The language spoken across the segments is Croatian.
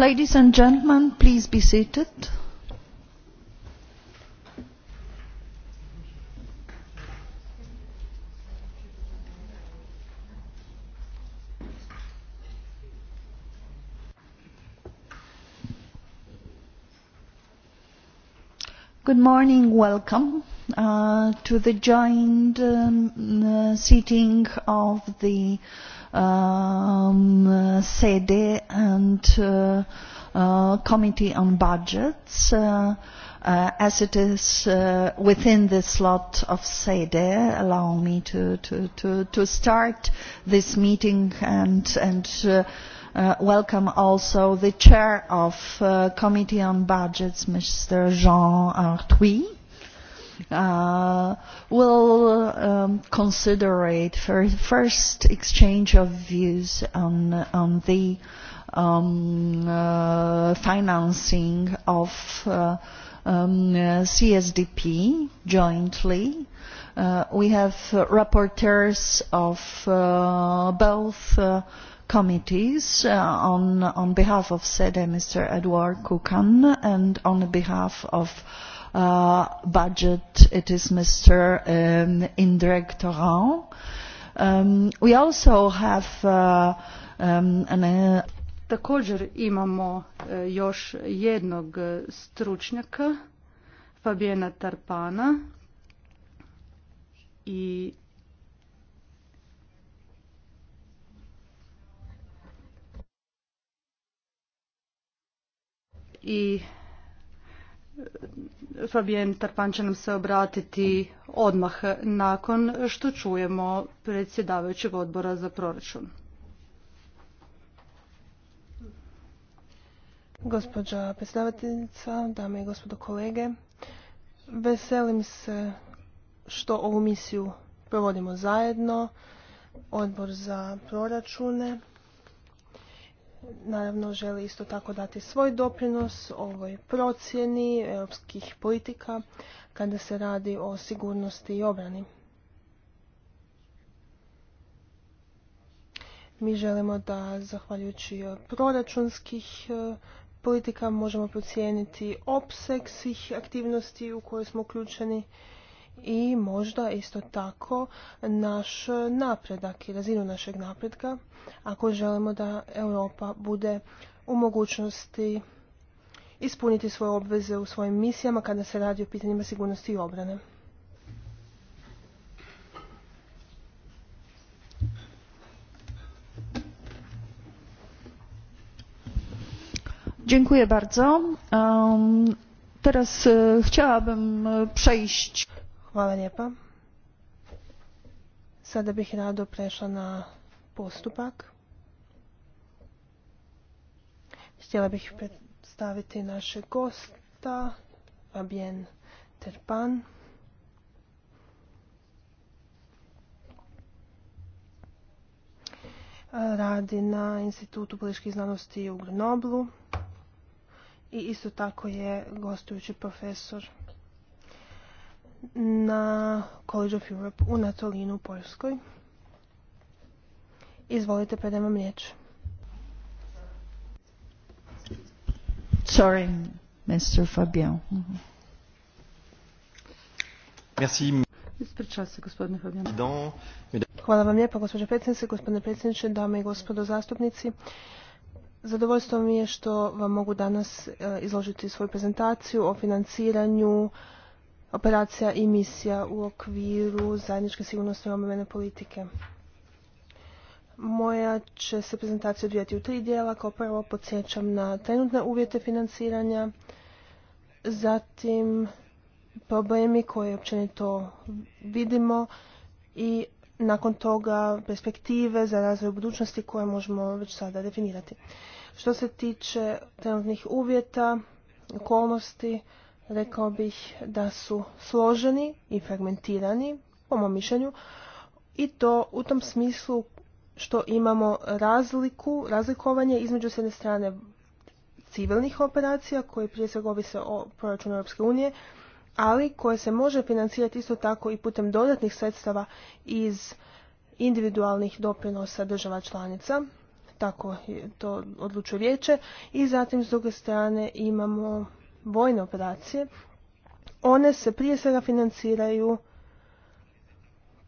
Ladies and gentlemen, please be seated. Good morning, welcome uh, to the joint um, uh, sitting of the um, SEDE and uh, uh, Committee on Budgets. as it is uh, within the slot of SEDE, allow me to, to, to, to start this meeting and, and uh, welcome also the chair of uh, committee on budgets mr jean arthuis uh, will um, consider it for first exchange of views on, on the um, uh, financing of uh, um, uh, CSDP jointly. Uh, we have uh, rapporteurs of uh, both uh, committees uh, on, on behalf of SEDE, Mr. Edward Kukan, and on behalf of uh, budget. It is Mr. Um, Indrek Um, we also have uh, um, an, uh, Također imamo uh, još jednog uh, stručnjaka, Fabijena Tarpana i i Fabijen Tarpan će nam se obratiti odmah nakon što čujemo predsjedavajućeg odbora za proračun. Gospođa predsjedavateljica, dame i gospodo kolege, veselim se što ovu misiju provodimo zajedno, odbor za proračune naravno želi isto tako dati svoj doprinos ovoj procjeni europskih politika kada se radi o sigurnosti i obrani. Mi želimo da zahvaljujući proračunskih e, politika možemo procijeniti opseg svih aktivnosti u koje smo uključeni i možda isto tako naš napredak i razinu našeg napretka ako želimo da Europa bude u mogućnosti ispuniti svoje obveze u svojim misijama kada se radi o pitanjima sigurnosti i obrane. Dziękuję bardzo. Um, teraz e, chciałabym przejść Hvala lijepa. Sada bih rado prešla na postupak. Htjela bih predstaviti naše gosta, Fabien Terpan. Radi na Institutu političkih znanosti u Grenoblu i isto tako je gostujući profesor na College of Europe u Natolinu u Poljskoj. Izvolite, predajem vam riječ. Sorry, Mr. Fabian. Merci. Ispričao se, gospodine Fabian. Hvala vam lijepo, gospođe predsjednice, gospodine predsjedniče, dame i gospodo zastupnici. Zadovoljstvo mi je što vam mogu danas e, izložiti svoju prezentaciju o financiranju operacija i misija u okviru zajedničke sigurnosne obrambene politike. Moja će se prezentacija odvijati u tri dijela. Kao prvo podsjećam na trenutne uvjete financiranja, zatim problemi koje općenito vidimo i nakon toga perspektive za razvoj budućnosti koje možemo već sada definirati. Što se tiče trenutnih uvjeta, okolnosti, rekao bih da su složeni i fragmentirani, po mom mišljenju, i to u tom smislu što imamo razliku, razlikovanje između s jedne strane civilnih operacija koje prije svega ovise o proračunu Europske unije, ali koje se može financirati isto tako i putem dodatnih sredstava iz individualnih doprinosa država članica, tako to odlučuje vijeće, i zatim s druge strane imamo vojne operacije, one se prije svega financiraju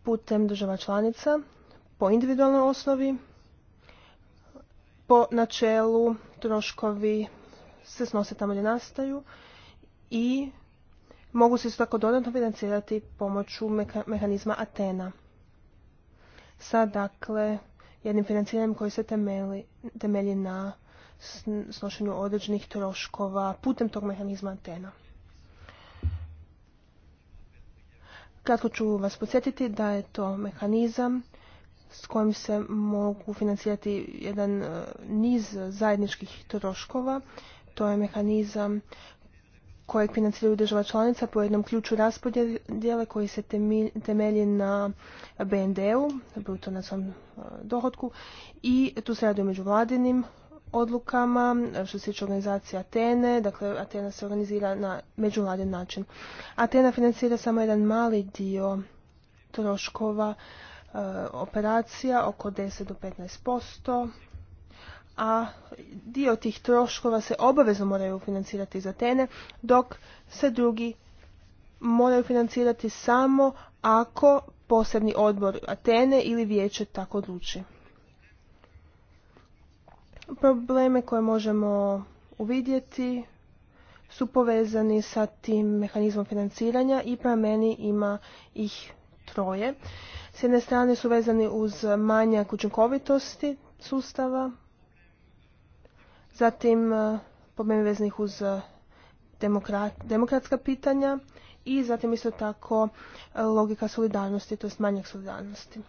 putem država članica, po individualnoj osnovi, po načelu troškovi se snose tamo gdje nastaju i mogu se isto tako dodatno financirati pomoću mehanizma Atena. Sa dakle jednim financiranjem koji se temelji na snošenju određenih troškova putem tog mehanizma antena. Kratko ću vas podsjetiti da je to mehanizam s kojim se mogu financirati jedan e, niz zajedničkih troškova. To je mehanizam kojeg financiraju država članica po jednom ključu raspodjele koji se temelji na BND-u, na svom e, dohodku, i tu se radi o međuvladinim odlukama što se tiče organizacije Atene. Dakle, Atena se organizira na međuvladin način. Atena financira samo jedan mali dio troškova e, operacija, oko 10 do 15%, a dio tih troškova se obavezno moraju financirati iz Atene, dok se drugi moraju financirati samo ako posebni odbor Atene ili vijeće tako odluči. Probleme koje možemo uvidjeti su povezani sa tim mehanizmom financiranja i prema meni ima ih troje. S jedne strane su vezani uz manjak učinkovitosti sustava, zatim e, problemi vezanih uz e, demokratska pitanja i zatim isto tako e, logika solidarnosti, to manjak solidarnosti.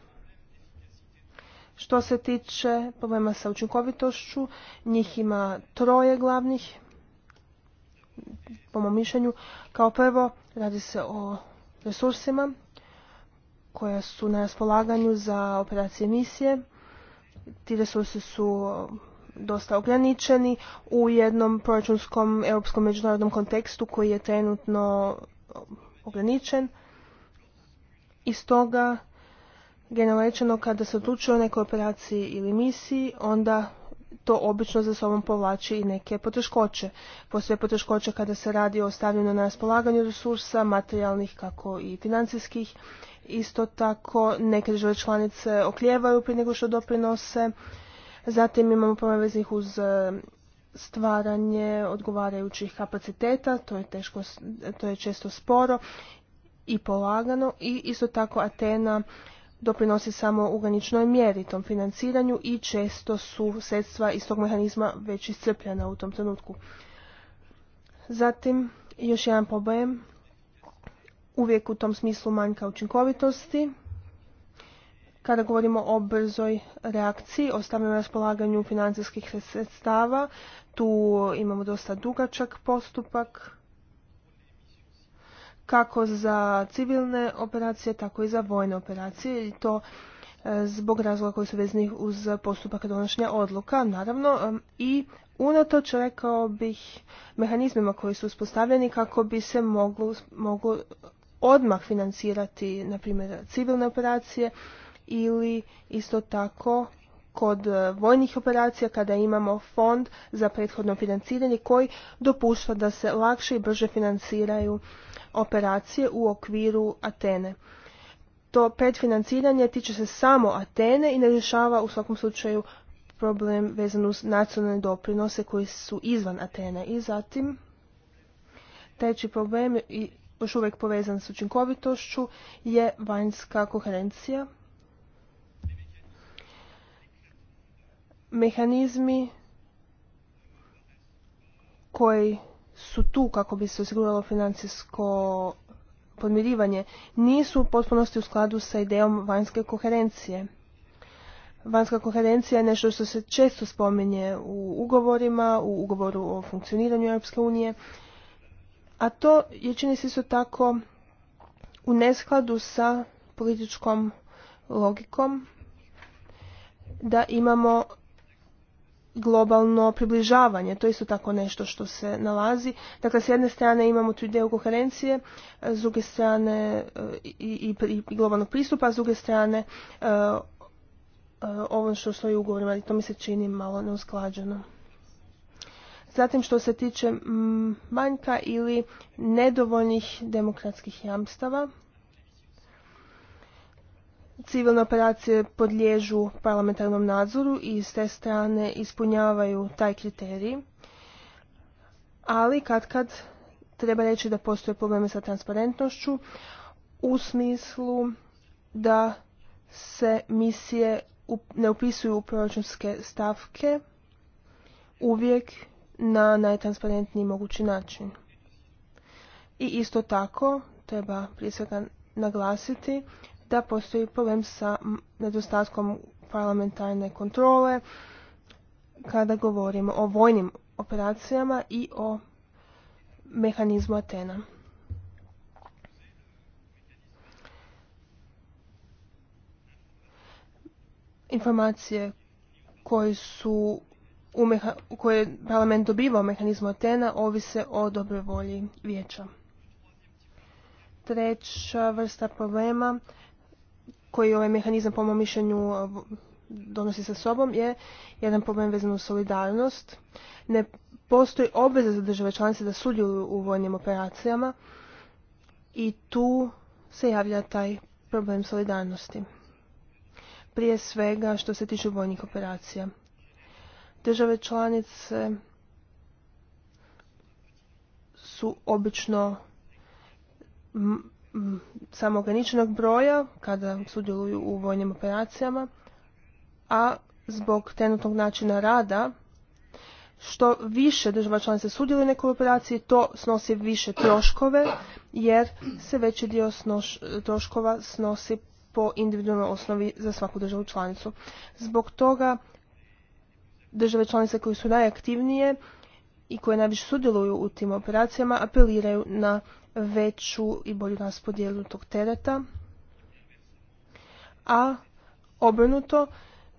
Što se tiče problema sa učinkovitošću, njih ima troje glavnih, po mom mišljenju. Kao prvo, radi se o resursima koja su na raspolaganju za operacije misije. Ti resursi su dosta ograničeni u jednom proračunskom europskom međunarodnom kontekstu koji je trenutno ograničen. I stoga generalno rečeno kada se odlučuje o nekoj operaciji ili misiji, onda to obično za sobom povlači i neke poteškoće. Postoje poteškoće kada se radi o stavljanju na raspolaganju resursa, materijalnih kako i financijskih. Isto tako neke države članice okljevaju prije nego što doprinose. Zatim imamo problem uz e, stvaranje odgovarajućih kapaciteta, to je, teško, to je često sporo i polagano i isto tako Atena doprinosi samo u graničnoj mjeri tom financiranju i često su sredstva iz tog mehanizma već iscrpljena u tom trenutku. Zatim, još jedan problem, uvijek u tom smislu manjka učinkovitosti. Kada govorimo o brzoj reakciji, o stavljanju raspolaganju financijskih sredstava, tu imamo dosta dugačak postupak kako za civilne operacije, tako i za vojne operacije i to e, zbog razloga koji su vezani uz postupak donošenja odluka, naravno, i unatoč, rekao bih, mehanizmima koji su uspostavljeni kako bi se moglo, odmah financirati, na primjer, civilne operacije ili isto tako kod e, vojnih operacija kada imamo fond za prethodno financiranje koji dopušta da se lakše i brže financiraju operacije u okviru Atene. To predfinanciranje tiče se samo Atene i ne rješava u svakom slučaju problem vezan uz nacionalne doprinose koji su izvan Atene. I zatim, treći problem, još uvijek povezan s učinkovitošću, je vanjska koherencija mehanizmi koji su tu kako bi se osiguralo financijsko podmirivanje nisu u potpunosti u skladu sa idejom vanjske koherencije. Vanjska koherencija je nešto što se često spominje u ugovorima, u ugovoru o funkcioniranju Europske unije, a to je čini se isto tako u neskladu sa političkom logikom da imamo globalno približavanje. To je isto tako nešto što se nalazi. Dakle, s jedne strane imamo tu ideju koherencije, s druge strane e, i, i, globalnog pristupa, s druge strane e, e, ovo što stoji u ugovorima i to mi se čini malo neusklađeno. Zatim što se tiče manjka ili nedovoljnih demokratskih jamstava, civilne operacije podliježu parlamentarnom nadzoru i s te strane ispunjavaju taj kriterij, ali kad kad treba reći da postoje probleme sa transparentnošću u smislu da se misije ne upisuju u proračunske stavke uvijek na najtransparentniji mogući način. I isto tako treba prije svega naglasiti da postoji problem sa nedostatkom parlamentarne kontrole kada govorimo o vojnim operacijama i o mehanizmu Atena. Informacije koje su u koje parlament dobivao u mehanizmu Atena ovise o dobroj volji vijeća. Treća vrsta problema koji ovaj mehanizam po mom mišljenju e, donosi sa sobom je jedan problem vezan uz solidarnost. Ne postoji obveza za države članice da sudjeluju u vojnim operacijama i tu se javlja taj problem solidarnosti. Prije svega što se tiče vojnih operacija. Države članice su obično samo ograničenog broja kada sudjeluju u vojnim operacijama, a zbog trenutnog načina rada što više država članica sudjeluje u nekoj operaciji, to snosi više troškove, jer se veći dio troškova snosi po individualnoj osnovi za svaku državu članicu. Zbog toga države članice koje su najaktivnije i koje najviše sudjeluju u tim operacijama apeliraju na veću i bolju raspodjelu tog tereta, a obrnuto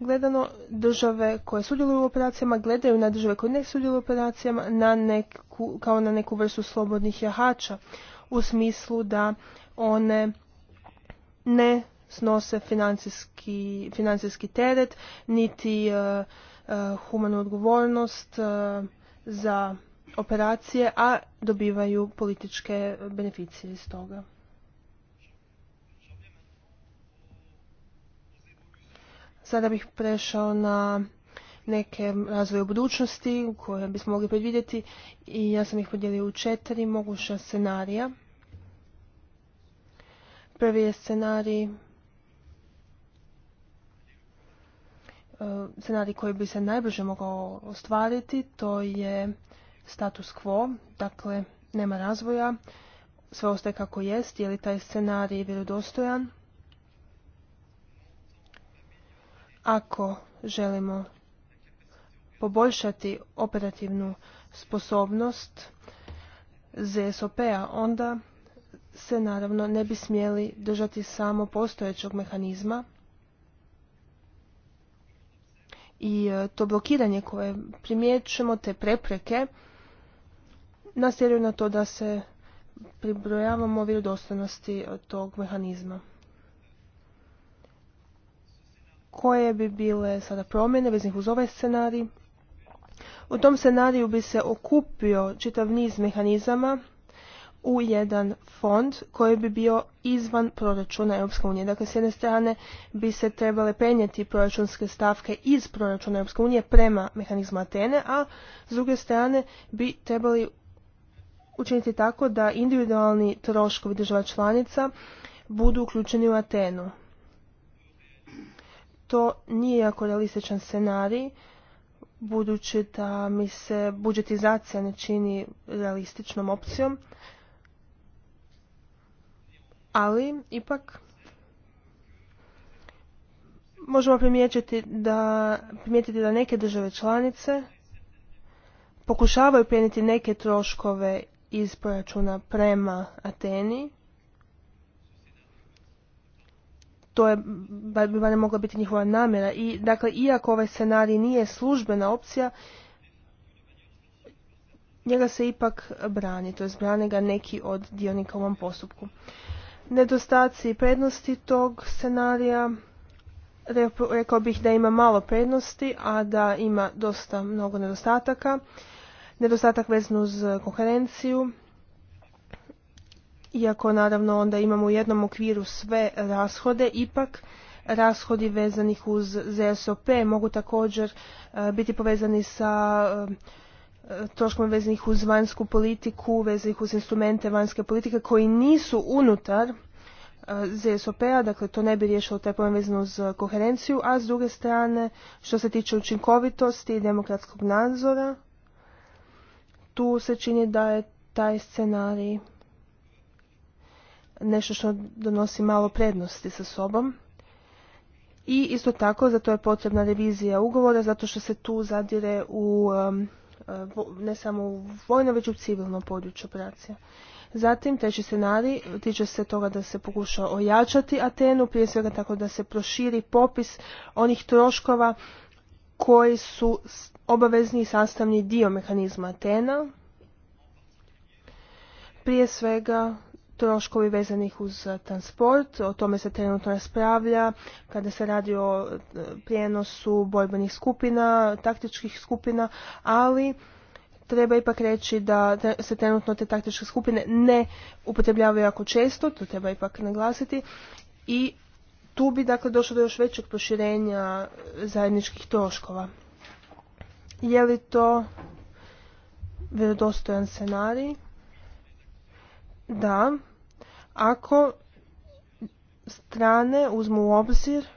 gledano države koje sudjeluju u operacijama gledaju na države koje ne sudjeluju u operacijama na neku, kao na neku vrstu slobodnih jahača u smislu da one ne snose financijski, financijski teret niti eh, eh, humanu odgovornost eh, za operacije, a dobivaju političke beneficije iz toga. Sada bih prešao na neke razvoje u budućnosti koje bismo mogli predvidjeti i ja sam ih podijelio u četiri moguća scenarija. Prvi je scenarij e, scenarij koji bi se najbrže mogao ostvariti, to je status quo, dakle nema razvoja, sve ostaje kako jest, je li taj scenarij vjerodostojan? Ako želimo poboljšati operativnu sposobnost ZSOP-a, onda se naravno ne bi smjeli držati samo postojećeg mehanizma i e, to blokiranje koje primjećujemo, te prepreke, nasjeruju na to da se pribrojavamo vjerodostojnosti tog mehanizma. Koje bi bile sada promjene veznih uz ovaj scenarij? U tom scenariju bi se okupio čitav niz mehanizama u jedan fond koji bi bio izvan proračuna Europske unije. Dakle, s jedne strane bi se trebale penjeti proračunske stavke iz proračuna Europske unije prema mehanizmu Atene, a s druge strane bi trebali učiniti tako da individualni troškovi država članica budu uključeni u Atenu. To nije jako realističan scenarij, budući da mi se budžetizacija ne čini realističnom opcijom, ali ipak možemo primijetiti da, primijetiti da neke države članice pokušavaju prenijeti neke troškove iz proračuna prema Ateni. To je, bi ne mogla biti njihova namjera. I, dakle, iako ovaj scenarij nije službena opcija, njega se ipak brani, to je brane ga neki od dionika u ovom postupku. Nedostaci i prednosti tog scenarija, rekao bih da ima malo prednosti, a da ima dosta mnogo nedostataka nedostatak vezan uz eh, koherenciju, iako naravno onda imamo u jednom okviru sve rashode, ipak rashodi vezanih uz ZSOP mogu također eh, biti povezani sa eh, troškom vezanih uz vanjsku politiku, vezanih uz instrumente vanjske politike koji nisu unutar ZSOP-a, dakle to ne bi riješilo taj problem vezano uz koherenciju, a s druge strane što se tiče učinkovitosti i demokratskog nadzora, tu se čini da je taj scenarij nešto što donosi malo prednosti sa sobom. I isto tako zato je potrebna revizija ugovora zato što se tu zadire u um, ne samo u vojno već u civilno područje operacija. Zatim treći scenarij tiče se toga da se pokuša ojačati Atenu, prije svega tako da se proširi popis onih troškova koji su obavezni sastavni dio mehanizma Atena, prije svega troškovi vezanih uz eh, transport, o tome se trenutno raspravlja kada se radi o eh, prijenosu bojbenih skupina, taktičkih skupina, ali treba ipak reći da se trenutno te taktičke skupine ne upotrebljavaju jako često, to treba ipak naglasiti, i tu bi dakle došlo do još većeg proširenja eh, zajedničkih troškova. Je li to vjerodostojan scenarij? Da. Ako strane uzmu u obzir e,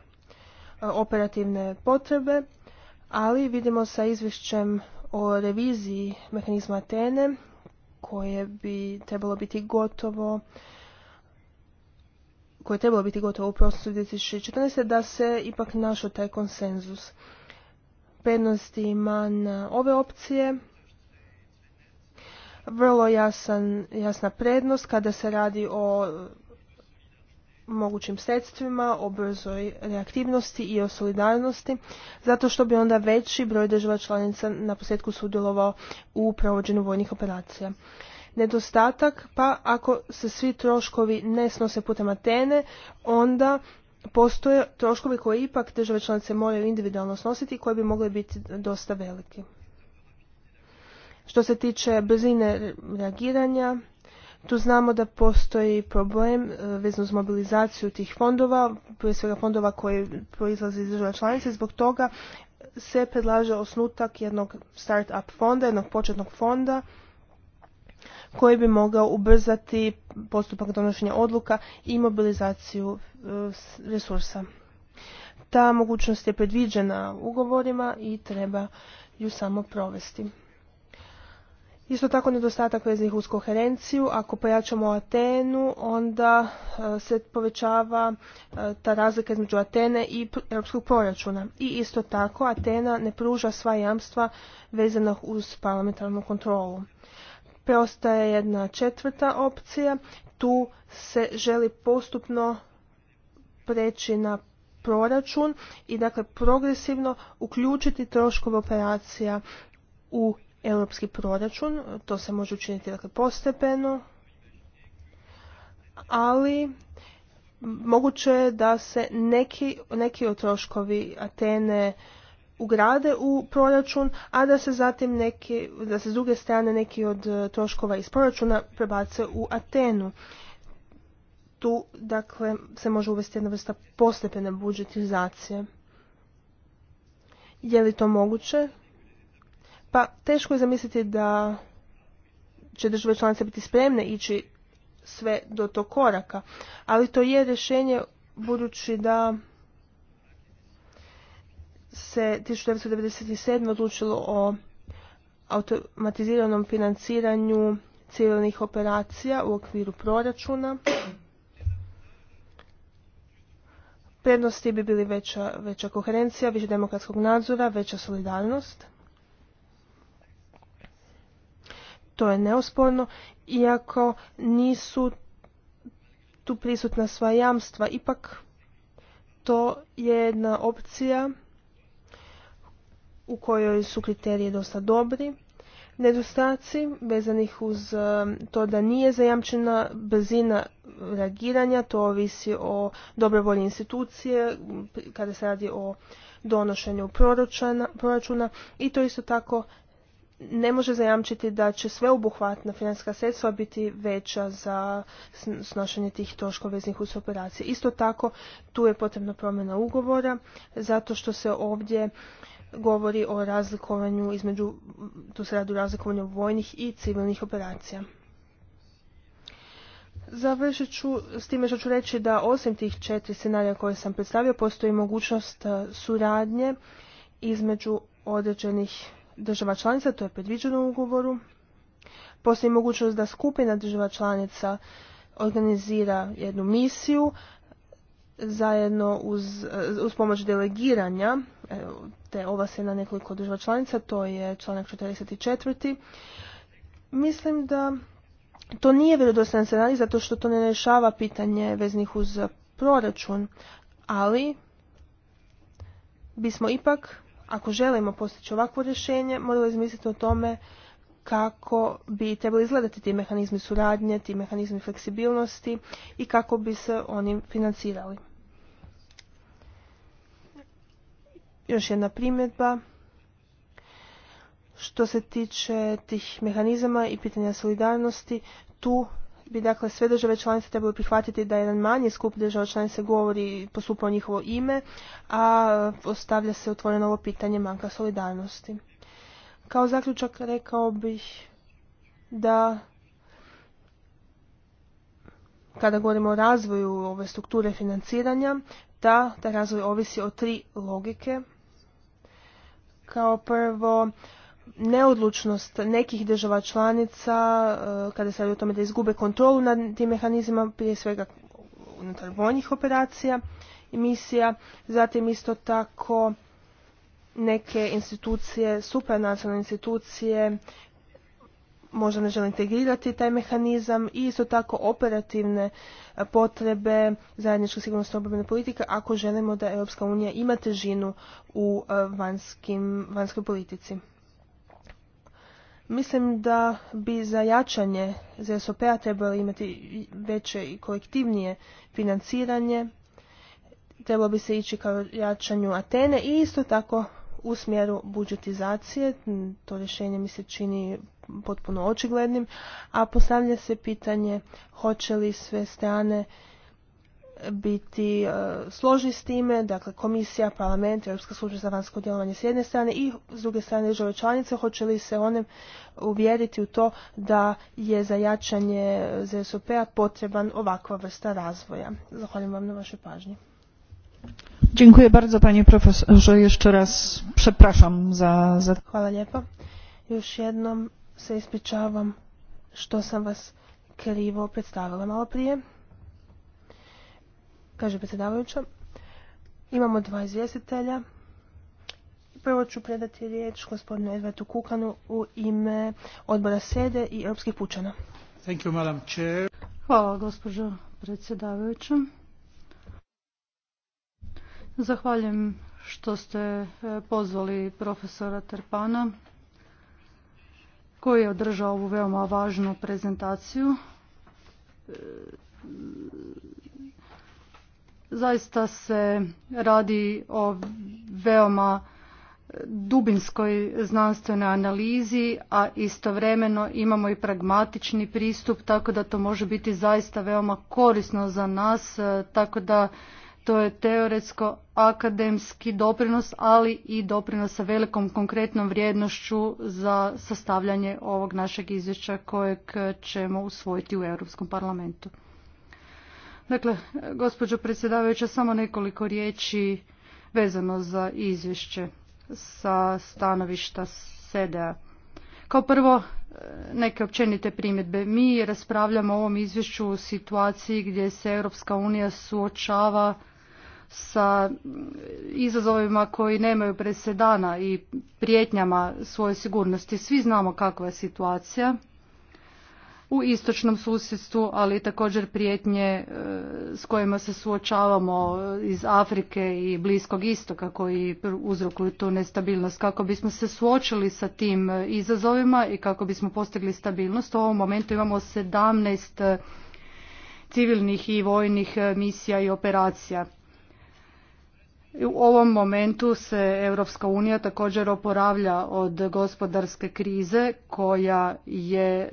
operativne potrebe, ali vidimo sa izvješćem o reviziji mehanizma Atene koje bi trebalo biti gotovo koje je trebalo biti gotovo u prosincu 2014. da se ipak našao taj konsenzus prednosti ima na ove opcije. Vrlo jasan, jasna prednost kada se radi o mogućim sredstvima, o brzoj reaktivnosti i o solidarnosti, zato što bi onda veći broj država članica na posljedku sudjelovao u provođenju vojnih operacija. Nedostatak, pa ako se svi troškovi ne snose putem Atene, onda postoje troškovi koje ipak države članice moraju individualno snositi i koji bi mogli biti dosta veliki. Što se tiče brzine reagiranja, tu znamo da postoji problem e, vezno uz mobilizaciju tih fondova, prije svega fondova koji proizlaze iz država članice, zbog toga se predlaže osnutak jednog start-up fonda, jednog početnog fonda koji bi mogao ubrzati postupak donošenja odluka i mobilizaciju e, resursa. Ta mogućnost je predviđena ugovorima i treba ju samo provesti. Isto tako nedostatak veznih uz koherenciju. Ako pojačamo Atenu, onda e, se povećava e, ta razlika između Atene i europskog proračuna. I isto tako Atena ne pruža sva jamstva vezanog uz parlamentarnu kontrolu. Preostaje jedna četvrta opcija. Tu se želi postupno preći na proračun i dakle progresivno uključiti troškove operacija u europski proračun. To se može učiniti dakle postepeno, ali moguće je da se neki, neki od troškovi Atene ugrade u proračun, a da se zatim neki, da se s druge strane neki od e, troškova iz proračuna prebace u Atenu. Tu, dakle, se može uvesti jedna vrsta postepene budžetizacije. Je li to moguće? Pa teško je zamisliti da će države članice biti spremne ići sve do tog koraka, ali to je rješenje budući da se 1997. odlučilo o automatiziranom financiranju civilnih operacija u okviru proračuna. Prednosti bi bili veća, veća koherencija, više demokratskog nadzora, veća solidarnost. To je neosporno, iako nisu tu prisutna sva jamstva, ipak to je jedna opcija u kojoj su kriteriji dosta dobri. Nedostaci vezanih uz e, to da nije zajamčena brzina reagiranja, to ovisi o dobroj institucije kada se radi o donošenju proračuna, i to isto tako ne može zajamčiti da će obuhvatna financijska sredstva biti veća za snošenje tih troškova veznih uz operacije. Isto tako tu je potrebna promjena ugovora zato što se ovdje govori o razlikovanju između, tu se radi o razlikovanju vojnih i civilnih operacija. Završit ću s time što ću reći da osim tih četiri scenarija koje sam predstavio postoji mogućnost e, suradnje između određenih država članica, to je predviđeno u ugovoru. Postoji mogućnost da skupina država članica organizira jednu misiju, zajedno uz, uz pomoć delegiranja te ova se na nekoliko država članica, to je članak 44. Mislim da to nije vjerodostojan scenarij zato što to ne rješava pitanje veznih uz proračun, ali bismo ipak, ako želimo postići ovakvo rješenje, morali izmisliti o tome kako bi trebali izgledati ti mehanizmi suradnje, ti mehanizmi fleksibilnosti i kako bi se oni financirali. Još jedna primjedba. Što se tiče tih mehanizama i pitanja solidarnosti, tu bi dakle sve države članice trebali prihvatiti da jedan manji skup država članice govori i postupa o njihovo ime, a ostavlja se otvoreno ovo pitanje manka solidarnosti. Kao zaključak rekao bih da kada govorimo o razvoju ove strukture financiranja, da razvoj ovisi o tri logike – kao prvo, neodlučnost nekih država članica e, kada se radi o tome da izgube kontrolu nad tim mehanizmima, prije svega unutar vojnih operacija i misija, zatim isto tako neke institucije, supranacionalne institucije možda ne žele integrirati taj mehanizam i isto tako operativne e, potrebe zajedničke sigurnosno obrambene politike ako želimo da Europska unija ima težinu u e, vanjskoj politici. Mislim da bi za jačanje ZSOP-a trebalo imati veće i kolektivnije financiranje, trebalo bi se ići kao jačanju Atene i isto tako u smjeru budžetizacije, to rješenje mi se čini potpuno očiglednim, a postavlja se pitanje hoće li sve strane biti e, složni s time, dakle komisija, parlament, Europska služba za vanjsko djelovanje s jedne strane i s druge strane države članice, hoće li se one uvjeriti u to da je za jačanje ZSOP-a potreban ovakva vrsta razvoja. Zahvaljujem vam na vašoj pažnji. Dziękuję bardzo panie profesorze. Jeszcze raz przepraszam za... za... Hvala lijepo. Još jednom se ispričavam što sam vas krivo predstavila malo prije. Kaže predsjedavajuća, imamo dva izvjestitelja. Prvo ću predati riječ gospodinu Edvardu Kukanu u ime odbora Sede i Europskih pučana. Thank you, Hvala gospođo predsjedavajuća. Zahvaljujem što ste e, pozvali profesora Terpana koji je održao ovu veoma važnu prezentaciju. Zaista se radi o veoma dubinskoj znanstvenoj analizi, a istovremeno imamo i pragmatični pristup, tako da to može biti zaista veoma korisno za nas, tako da to je teoretsko akademski doprinos, ali i doprinos sa velikom konkretnom vrijednošću za sastavljanje ovog našeg izvješća kojeg ćemo usvojiti u Europskom parlamentu. Dakle, gospođo predsjedavajuća, samo nekoliko riječi vezano za izvješće sa stanovišta SEDA. Kao prvo, neke općenite primjedbe. Mi raspravljamo o ovom izvješću u situaciji gdje se Europska unija suočava sa izazovima koji nemaju presedana i prijetnjama svoje sigurnosti. Svi znamo kakva je situacija u istočnom susjedstvu, ali također prijetnje e, s kojima se suočavamo iz Afrike i Bliskog istoka koji uzrokuju tu nestabilnost. Kako bismo se suočili sa tim e, izazovima i kako bismo postigli stabilnost, u ovom momentu imamo 17 e, civilnih i vojnih misija i operacija. U ovom momentu se Europska unija također oporavlja od gospodarske krize koja je e,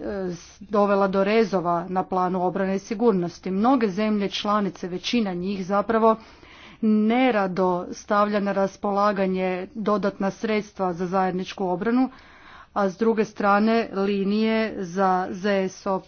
dovela do rezova na planu obrane i sigurnosti. Mnoge zemlje članice, većina njih zapravo nerado stavlja na raspolaganje dodatna sredstva za zajedničku obranu, a s druge strane linije za ZSOP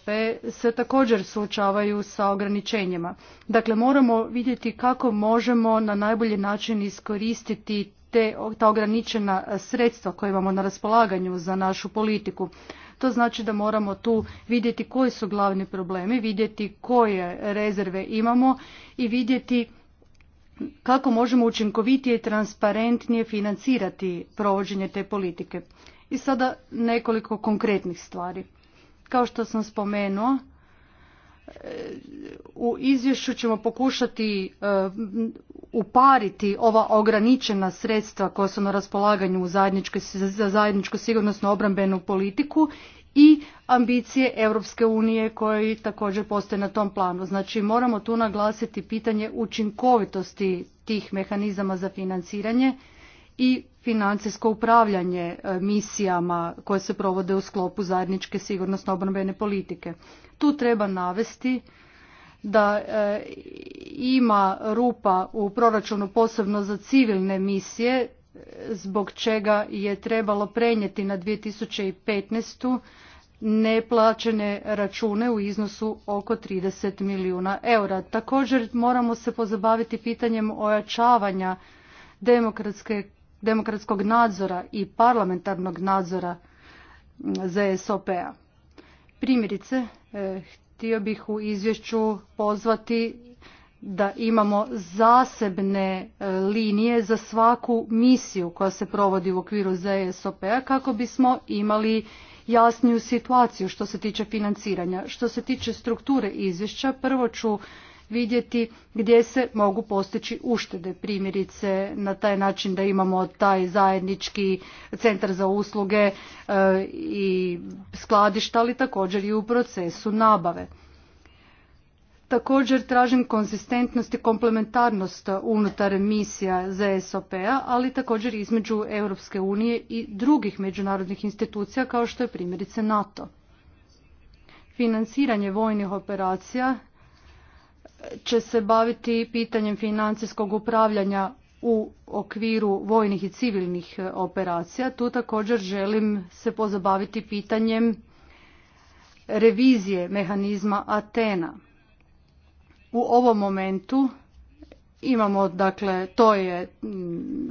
se također suočavaju sa ograničenjima. Dakle, moramo vidjeti kako možemo na najbolji način iskoristiti te, ta ograničena sredstva koje imamo na raspolaganju za našu politiku. To znači da moramo tu vidjeti koji su glavni problemi, vidjeti koje rezerve imamo i vidjeti kako možemo učinkovitije i transparentnije financirati provođenje te politike. I sada nekoliko konkretnih stvari. Kao što sam spomenuo, e, u izvješću ćemo pokušati e, upariti ova ograničena sredstva koja su na raspolaganju za zajedničku sigurnosno obrambenu politiku i ambicije Europske unije koji također postoje na tom planu. Znači moramo tu naglasiti pitanje učinkovitosti tih mehanizama za financiranje i financijsko upravljanje e, misijama koje se provode u sklopu zajedničke sigurnosno obrambene politike. Tu treba navesti da e, ima rupa u proračunu posebno za civilne misije e, zbog čega je trebalo prenijeti na 2015. neplaćene račune u iznosu oko 30 milijuna eura. Također moramo se pozabaviti pitanjem ojačavanja demokratske demokratskog nadzora i parlamentarnog nadzora ZSOP-a. Primjerice, e, htio bih u izvješću pozvati da imamo zasebne e, linije za svaku misiju koja se provodi u okviru ZSOP-a kako bismo imali jasniju situaciju što se tiče financiranja. Što se tiče strukture izvješća, prvo ću vidjeti gdje se mogu postići uštede, primjerice na taj način da imamo taj zajednički centar za usluge e, i skladišta, ali također i u procesu nabave. Također tražim konzistentnost i komplementarnost unutar misija ZSOP-a, ali također između Europske unije i drugih međunarodnih institucija kao što je primjerice NATO. Financiranje vojnih operacija će se baviti pitanjem financijskog upravljanja u okviru vojnih i civilnih e, operacija. Tu također želim se pozabaviti pitanjem revizije mehanizma Atena. U ovom momentu imamo, dakle, to je mm,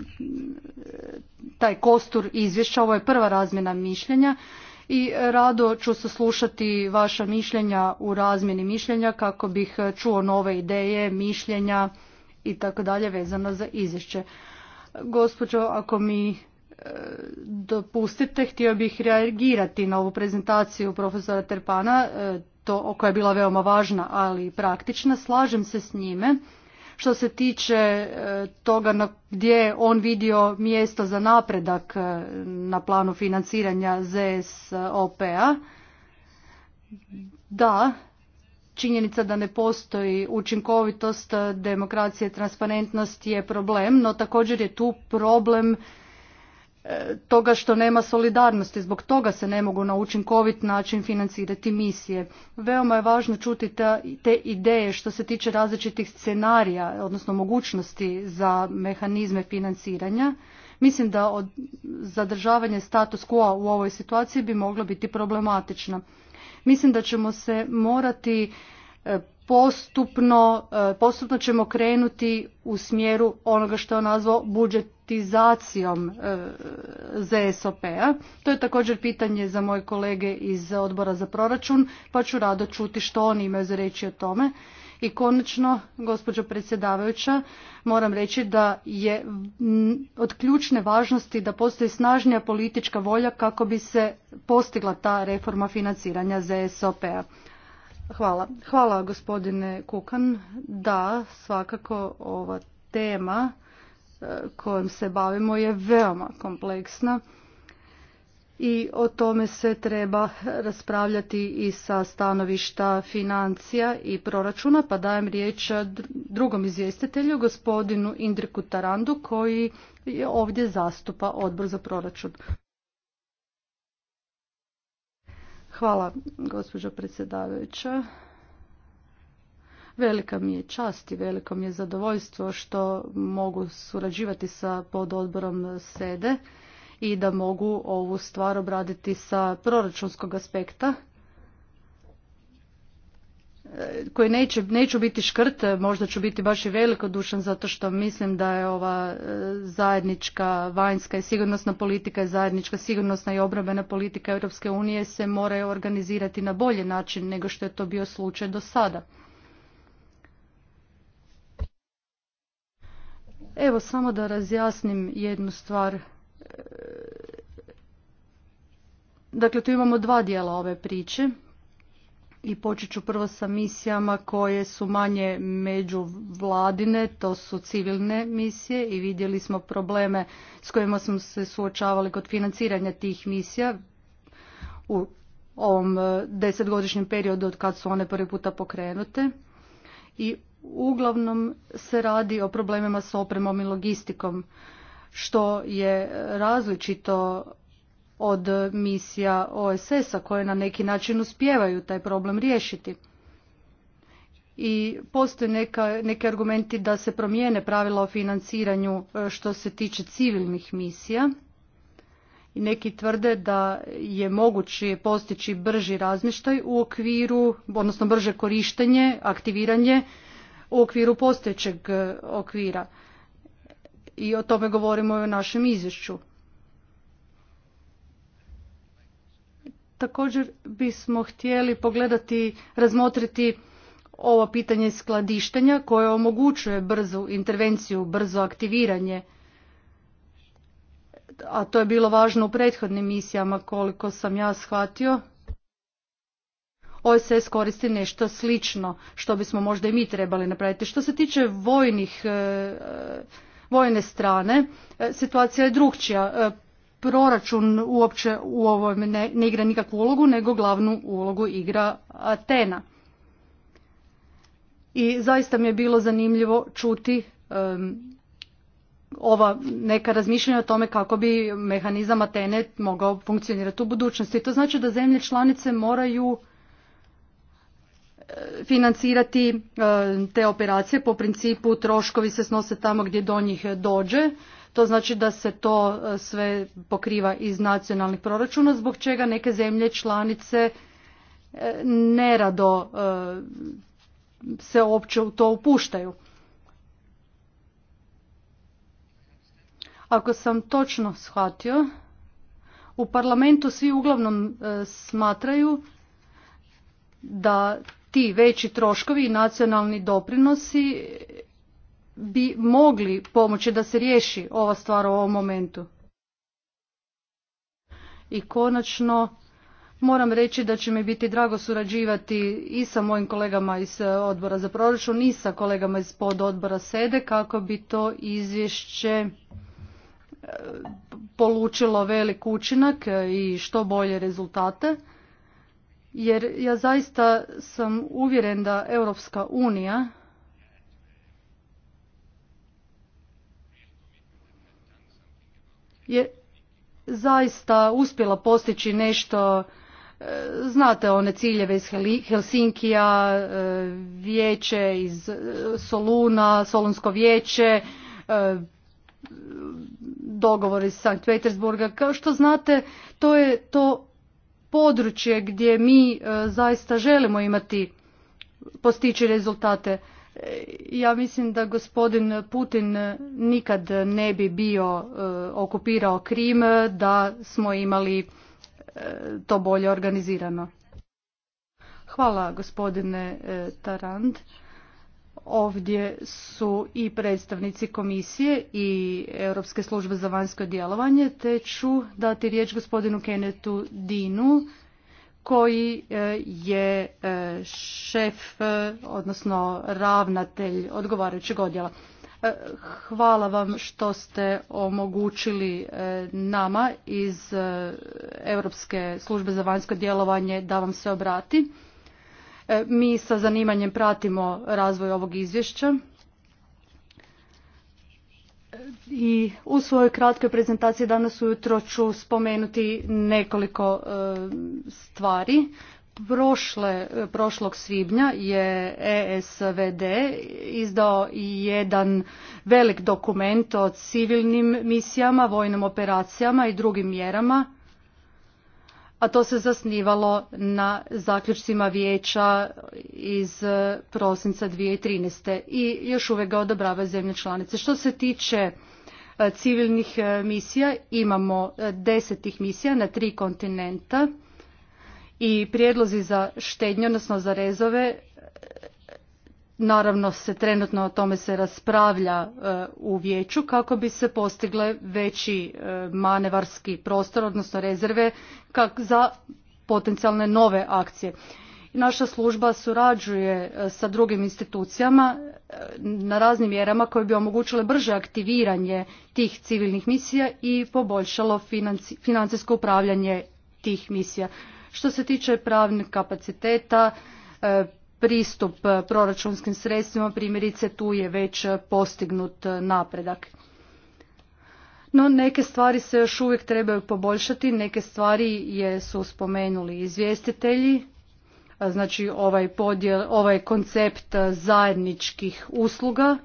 taj kostur izvješća, ovo je prva razmjena mišljenja i rado ću saslušati vaša mišljenja u razmjeni mišljenja kako bih čuo nove ideje, mišljenja i tako dalje vezano za izvješće. Gospođo, ako mi e, dopustite, htio bih reagirati na ovu prezentaciju profesora Terpana, e, to koja je bila veoma važna, ali praktična. Slažem se s njime što se tiče e, toga gdje je on vidio mjesto za napredak e, na planu financiranja ZSOP-a, da, činjenica da ne postoji učinkovitost, demokracije, transparentnost je problem, no također je tu problem E, toga što nema solidarnosti, zbog toga se ne mogu na učinkovit način financirati misije. Veoma je važno čuti te ideje što se tiče različitih scenarija, odnosno mogućnosti za mehanizme financiranja. Mislim da od zadržavanje status quo u ovoj situaciji bi moglo biti problematično. Mislim da ćemo se morati e, postupno, e, postupno ćemo krenuti u smjeru onoga što je nazvao budžetizacijom e, ZSOP-a. To je također pitanje za moje kolege iz odbora za proračun, pa ću rado čuti što oni imaju za reći o tome. I konačno, gospođo predsjedavajuća, moram reći da je od ključne važnosti da postoji snažnija politička volja kako bi se postigla ta reforma financiranja ZSOP-a. Hvala. Hvala gospodine Kukan. Da, svakako ova tema e, kojom se bavimo je veoma kompleksna i o tome se treba raspravljati i sa stanovišta financija i proračuna, pa dajem riječ drugom izvjestitelju, gospodinu Indriku Tarandu, koji ovdje zastupa odbor za proračun. Hvala, gospođo predsjedavajuća. Velika mi je čast i veliko mi je zadovoljstvo što mogu surađivati sa pododborom SEDE i da mogu ovu stvar obraditi sa proračunskog aspekta koji neće, neću biti škrt, možda ću biti baš i velikodušan zato što mislim da je ova e, zajednička vanjska i sigurnosna politika i zajednička sigurnosna i obrambena politika Europske unije se moraju organizirati na bolji način nego što je to bio slučaj do sada. Evo samo da razjasnim jednu stvar. E, dakle, tu imamo dva dijela ove priče i počet ću prvo sa misijama koje su manje vladine, to su civilne misije i vidjeli smo probleme s kojima smo se suočavali kod financiranja tih misija u ovom e, desetgodišnjem periodu od kad su one prvi puta pokrenute i uglavnom se radi o problemima s opremom i logistikom što je različito od misija OSS-a koje na neki način uspijevaju taj problem riješiti. I postoje neki argumenti da se promijene pravila o financiranju e, što se tiče civilnih misija. I neki tvrde da je moguće postići brži razmještaj u okviru, odnosno brže korištenje, aktiviranje u okviru postojećeg e, okvira. I o tome govorimo i u našem izvješću. Također bismo htjeli pogledati, razmotriti ovo pitanje skladištenja koje omogućuje brzu intervenciju, brzo aktiviranje. A to je bilo važno u prethodnim misijama koliko sam ja shvatio. OSS koristi nešto slično što bismo možda i mi trebali napraviti. Što se tiče vojnih e, e, vojne strane, e, situacija je drugčija proračun uopće u ovom ne, igra nikakvu ulogu, nego glavnu ulogu igra Atena. I zaista mi je bilo zanimljivo čuti ova neka razmišljanja o tome kako bi mehanizam Atene mogao funkcionirati u budućnosti. To znači da zemlje članice moraju e, financirati e, te operacije po principu troškovi se snose tamo gdje do njih dođe to znači da se to e, sve pokriva iz nacionalnih proračuna, zbog čega neke zemlje članice e, nerado e, se uopće u to upuštaju. Ako sam točno shvatio, u parlamentu svi uglavnom smatraju da ti veći troškovi i nacionalni doprinosi bi mogli pomoći da se riješi ova stvar u ovom momentu. I konačno moram reći da će mi biti drago surađivati i sa mojim kolegama iz e, odbora za proračun i sa kolegama iz odbora SEDE kako bi to izvješće e, polučilo velik učinak e, i što bolje rezultate. Jer ja zaista sam uvjeren da Europska unija je zaista uspjela postići nešto e, Znate one ciljeve iz Helsinkija, e, vijeće iz e, Soluna, Solunsko vijeće, dogovor iz Sankt Petersburga. Kao što znate, to je to područje gdje mi zaista želimo imati postići rezultate ja mislim da gospodin Putin nikad ne bi bio e, okupirao Krim da smo imali e, to bolje organizirano. Hvala gospodine e, Tarand. Ovdje su i predstavnici komisije i Europske službe za vanjsko djelovanje, te ću dati riječ gospodinu Kenetu Dinu koji e, je e, šef, e, odnosno ravnatelj odgovarajućeg odjela. Hvala vam što ste omogućili nama iz Europske službe za vanjsko djelovanje da vam se obrati. Mi sa zanimanjem pratimo razvoj ovog izvješća i u svojoj kratkoj prezentaciji danas ujutro ću spomenuti nekoliko e, stvari. Prošle, prošlog svibnja je ESVD izdao jedan velik dokument o civilnim misijama, vojnim operacijama i drugim mjerama a to se zasnivalo na zaključcima vijeća iz prosinca 2013. i još uvijek ga odobravaju zemlje članice. Što se tiče e, civilnih e, misija, imamo e, desetih misija na tri kontinenta i prijedlozi za štednje, odnosno za rezove Naravno se trenutno o tome se raspravlja e, u vijeću kako bi se postigle veći e, manevarski prostor, odnosno rezerve kak za potencijalne nove akcije. Naša služba surađuje e, sa drugim institucijama na raznim mjerama koje bi omogućile brže aktiviranje tih civilnih misija i poboljšalo financijsko upravljanje tih misija. Što se tiče pravnih kapaciteta, pristup eh, proračunskim sredstvima, primjerice tu je već eh, postignut eh, napredak. No neke stvari se još uvijek trebaju poboljšati, neke stvari je, su spomenuli izvjestitelji, znači ovaj, ovaj koncept zajedničkih usluga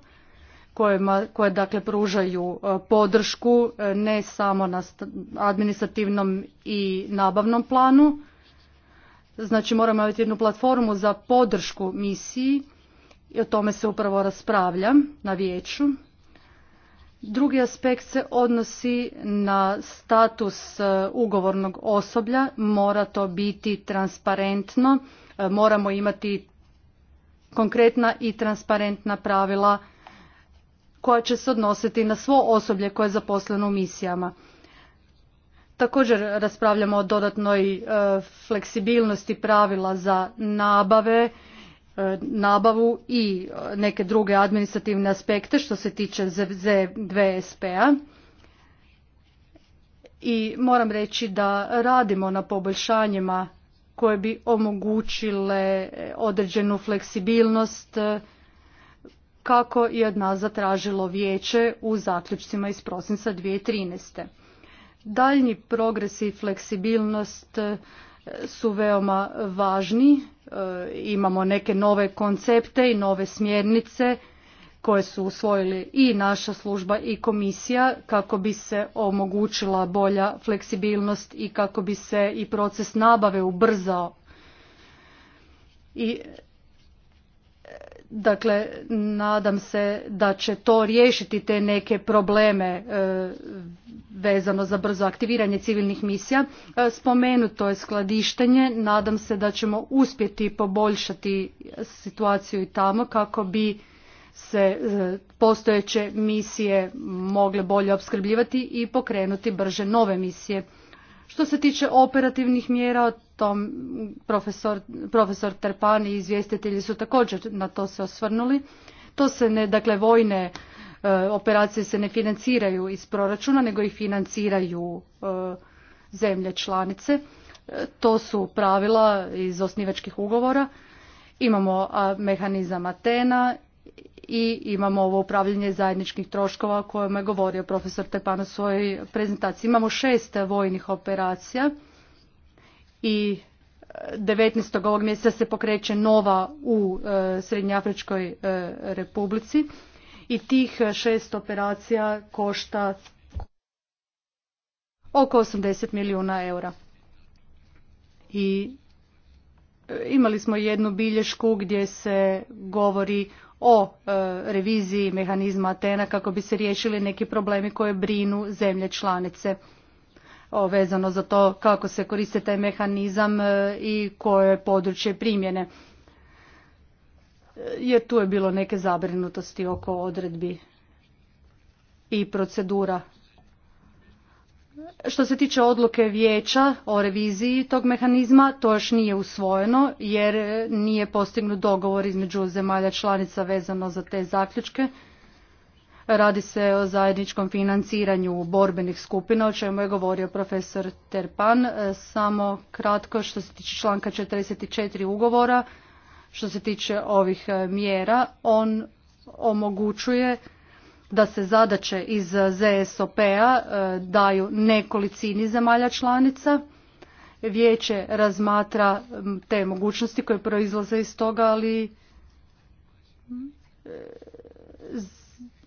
koje dakle pružaju podršku ne samo na administrativnom i nabavnom planu, Znači moramo imati jednu platformu za podršku misiji i o tome se upravo raspravlja na vijeću. Drugi aspekt se odnosi na status e, ugovornog osoblja. Mora to biti transparentno, e, moramo imati konkretna i transparentna pravila koja će se odnositi na svo osoblje koje je zaposleno u misijama. Također raspravljamo o dodatnoj e, fleksibilnosti pravila za nabave, e, nabavu i e, neke druge administrativne aspekte što se tiče ZVSP-a. I moram reći da radimo na poboljšanjima koje bi omogućile određenu fleksibilnost kako je od nas zatražilo vijeće u zaključcima iz prosinca 2013. Daljnji progres i fleksibilnost e, su veoma važni. E, imamo neke nove koncepte i nove smjernice koje su usvojili i naša služba i komisija kako bi se omogućila bolja fleksibilnost i kako bi se i proces nabave ubrzao. I e, dakle nadam se da će to riješiti te neke probleme vezano za brzo aktiviranje civilnih misija. E, spomenuto je skladištenje, nadam se da ćemo uspjeti poboljšati situaciju i tamo kako bi se e, postojeće misije mogle bolje opskrbljivati i pokrenuti brže nove misije. Što se tiče operativnih mjera, tom profesor, profesor Terpani i izvjestitelji su također na to se osvrnuli. To se ne, dakle, vojne Eh, operacije se ne financiraju iz proračuna, nego ih financiraju eh, zemlje članice. Eh, to su pravila iz osnivačkih ugovora. Imamo mehanizam Atena i imamo ovo upravljanje zajedničkih troškova o kojem je govorio profesor Tepan u svojoj prezentaciji. Imamo šest vojnih operacija i 19. ovog mjeseca se pokreće nova u Srednjoafričkoj republici i tih šest operacija košta oko 80 milijuna eura. I e, imali smo jednu bilješku gdje se govori o e, reviziji mehanizma Atena kako bi se riješili neki problemi koje brinu zemlje članice vezano za to kako se koriste taj mehanizam e, i koje područje primjene jer tu je bilo neke zabrinutosti oko odredbi i procedura. Što se tiče odluke vijeća o reviziji tog mehanizma, to još nije usvojeno jer nije postignut dogovor između zemalja članica vezano za te zaključke. Radi se o zajedničkom financiranju borbenih skupina, o čemu je govorio profesor Terpan. Samo kratko što se tiče članka 44 ugovora, što se tiče ovih e, mjera, on omogućuje da se zadaće iz ZSOP-a e, daju nekolicini zemalja članica. Vijeće razmatra te mogućnosti koje proizlaze iz toga, ali e,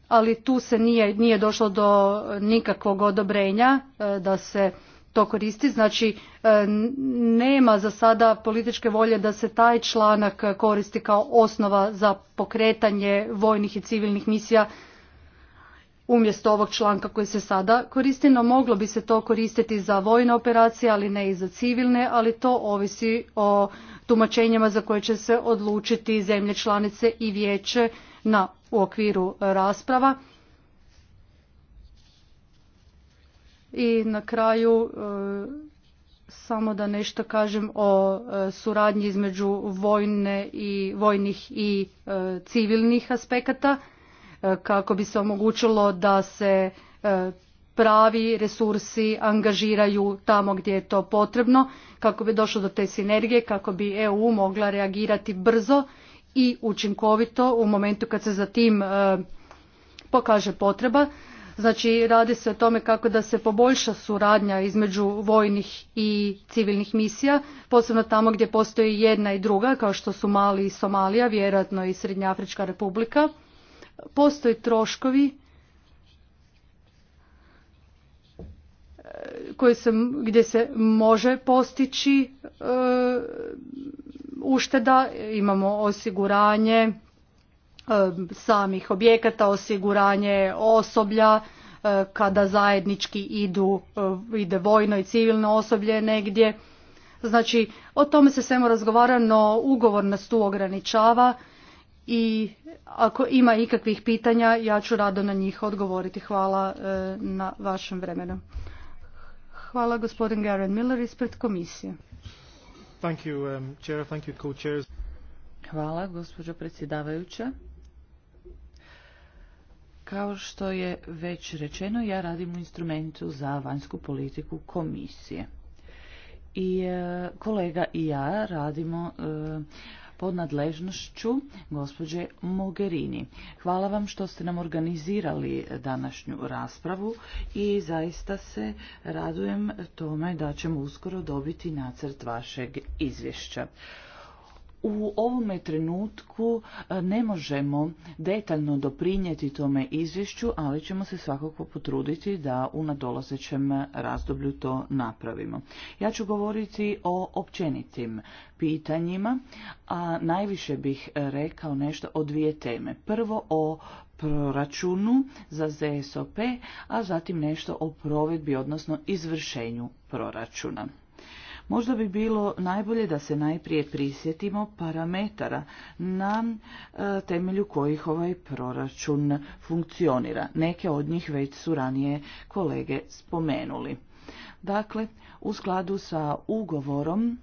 ali tu se nije, nije došlo do nikakvog odobrenja da se to koristi. Znači e, nema za sada političke volje da se taj članak koristi kao osnova za pokretanje vojnih i civilnih misija umjesto ovog članka koji se sada koristi, no moglo bi se to koristiti za vojne operacije, ali ne i za civilne, ali to ovisi o tumačenjima za koje će se odlučiti zemlje članice i vijeće na u okviru e, rasprava I na kraju e, samo da nešto kažem o e, suradnji između vojne i vojnih i e, civilnih aspekata kako bi se omogućilo da se pravi resursi angažiraju tamo gdje je to potrebno kako bi došlo do te sinergije kako bi EU mogla reagirati brzo i učinkovito u momentu kad se za tim pokaže potreba Znači radi se o tome kako da se poboljša suradnja između vojnih i civilnih misija, posebno tamo gdje postoji jedna i druga, kao što su Mali i Somalija, vjerojatno i Srednjafrička republika. Postoji troškovi e, koji se, gdje se može postići e, ušteda, imamo osiguranje, samih objekata, osiguranje osoblja, e, kada zajednički idu, e, ide vojno i civilno osoblje negdje. Znači, o tome se svemu razgovara, no ugovor nas tu ograničava i ako ima ikakvih pitanja, ja ću rado na njih odgovoriti. Hvala e, na vašem vremenu. Hvala gospodin Garen Miller ispred komisije. Thank you, um, chair. Thank you, Hvala gospođo predsjedavajuća. Kao što je već rečeno, ja radim u instrumentu za vanjsku politiku komisije. I e, kolega i ja radimo e, pod nadležnošću gospođe Mogherini. Hvala vam što ste nam organizirali današnju raspravu i zaista se radujem tome da ćemo uskoro dobiti nacrt vašeg izvješća u ovome trenutku e, ne možemo detaljno doprinijeti tome izvješću, ali ćemo se svakako potruditi da u nadolazećem razdoblju to napravimo. Ja ću govoriti o općenitim pitanjima, a najviše bih rekao nešto o dvije teme. Prvo o proračunu za ZSOP, a zatim nešto o provedbi, odnosno izvršenju proračuna. Možda bi bilo najbolje da se najprije prisjetimo parametara na e, temelju kojih ovaj proračun funkcionira. Neke od njih već su ranije kolege spomenuli. Dakle, u skladu sa ugovorom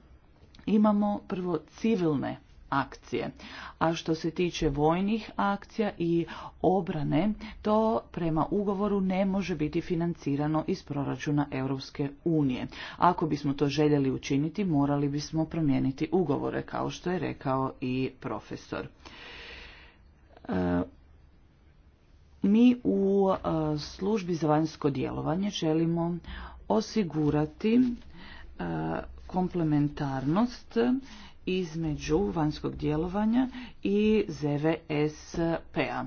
imamo prvo civilne akcije. A što se tiče vojnih akcija i obrane, to prema ugovoru ne može biti financirano iz proračuna Europske unije. Ako bismo to željeli učiniti, morali bismo promijeniti ugovore, kao što je rekao i profesor. E, mi u e, službi za vanjsko djelovanje želimo osigurati e, komplementarnost između vanjskog djelovanja i ZVSP-a.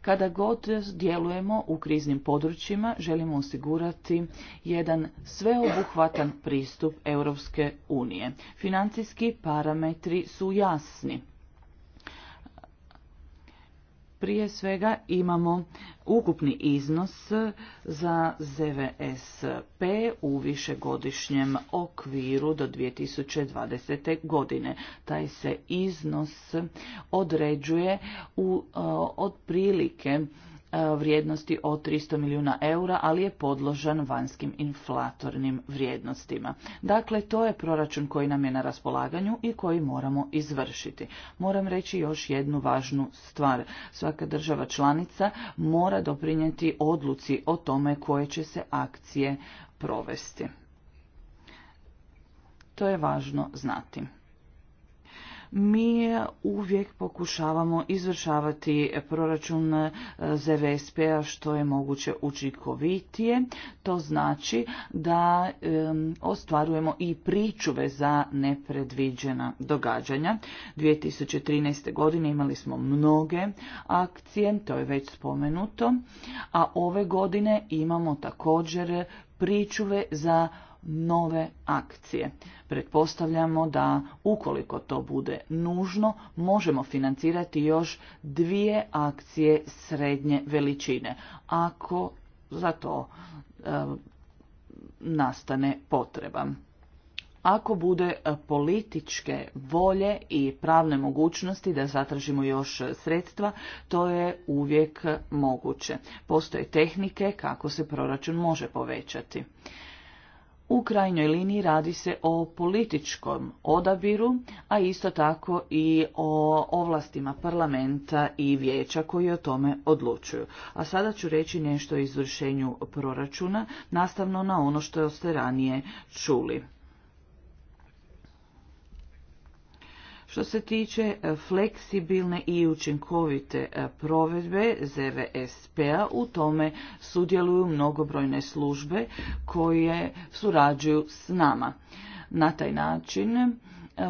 Kada god djelujemo u kriznim područjima, želimo osigurati jedan sveobuhvatan pristup Europske unije. Financijski parametri su jasni. Prije svega imamo ukupni iznos za ZVSP u višegodišnjem okviru do 2020. godine. Taj se iznos određuje u otprilike E, vrijednosti od 300 milijuna eura, ali je podložan vanjskim inflatornim vrijednostima. Dakle, to je proračun koji nam je na raspolaganju i koji moramo izvršiti. Moram reći još jednu važnu stvar. Svaka država članica mora doprinijeti odluci o tome koje će se akcije provesti. To je važno znati. Mi uvijek pokušavamo izvršavati proračun e, ZVSP-a što je moguće učinkovitije. To znači da e, ostvarujemo i pričuve za nepredviđena događanja. 2013. godine imali smo mnoge akcije, to je već spomenuto, a ove godine imamo također pričuve za nove akcije. Pretpostavljamo da ukoliko to bude nužno, možemo financirati još dvije akcije srednje veličine, ako za to e, nastane potreba. Ako bude e, političke volje i pravne mogućnosti da zatražimo još sredstva, to je uvijek moguće. Postoje tehnike kako se proračun može povećati. U krajnjoj liniji radi se o političkom odabiru, a isto tako i o ovlastima parlamenta i vijeća koji o tome odlučuju. A sada ću reći nešto o izvršenju proračuna, nastavno na ono što ste ranije čuli. Što se tiče e, fleksibilne i učinkovite e, provedbe ZVSP-a, u tome sudjeluju mnogobrojne službe koje surađuju s nama. Na taj način e,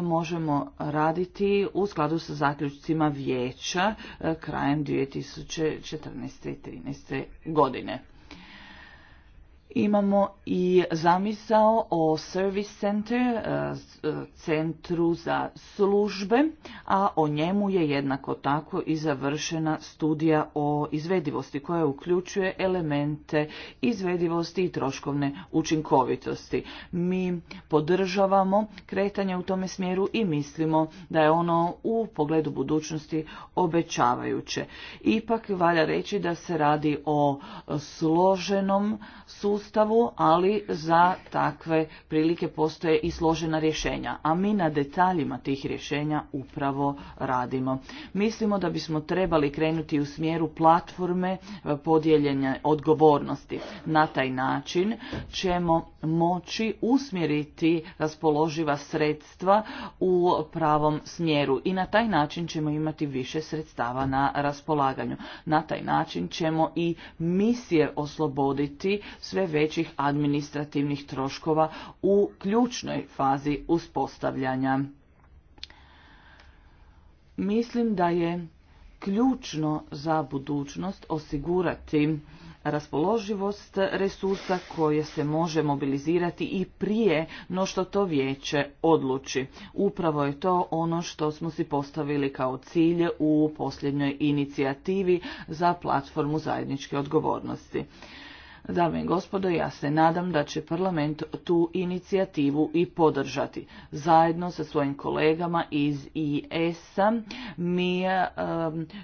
možemo raditi u skladu sa zaključcima vijeća krajem 2014. i 2013. godine. Imamo i zamisao o service center, e, e, centru za službe, a o njemu je jednako tako i završena studija o izvedivosti koja uključuje elemente izvedivosti i troškovne učinkovitosti. Mi podržavamo kretanje u tome smjeru i mislimo da je ono u pogledu budućnosti obećavajuće. Ipak valja reći da se radi o složenom sustavu sustavu, ali za takve prilike postoje i složena rješenja, a mi na detaljima tih rješenja upravo radimo. Mislimo da bismo trebali krenuti u smjeru platforme podijeljenja odgovornosti. Na taj način ćemo moći usmjeriti raspoloživa sredstva u pravom smjeru i na taj način ćemo imati više sredstava na raspolaganju. Na taj način ćemo i misije osloboditi sve većih administrativnih troškova u ključnoj fazi uspostavljanja. Mislim da je ključno za budućnost osigurati raspoloživost resursa koje se može mobilizirati i prije no što to vijeće odluči. Upravo je to ono što smo si postavili kao cilje u posljednjoj inicijativi za platformu zajedničke odgovornosti. Dame i gospodo, ja se nadam da će parlament tu inicijativu i podržati. Zajedno sa svojim kolegama iz IS-a mi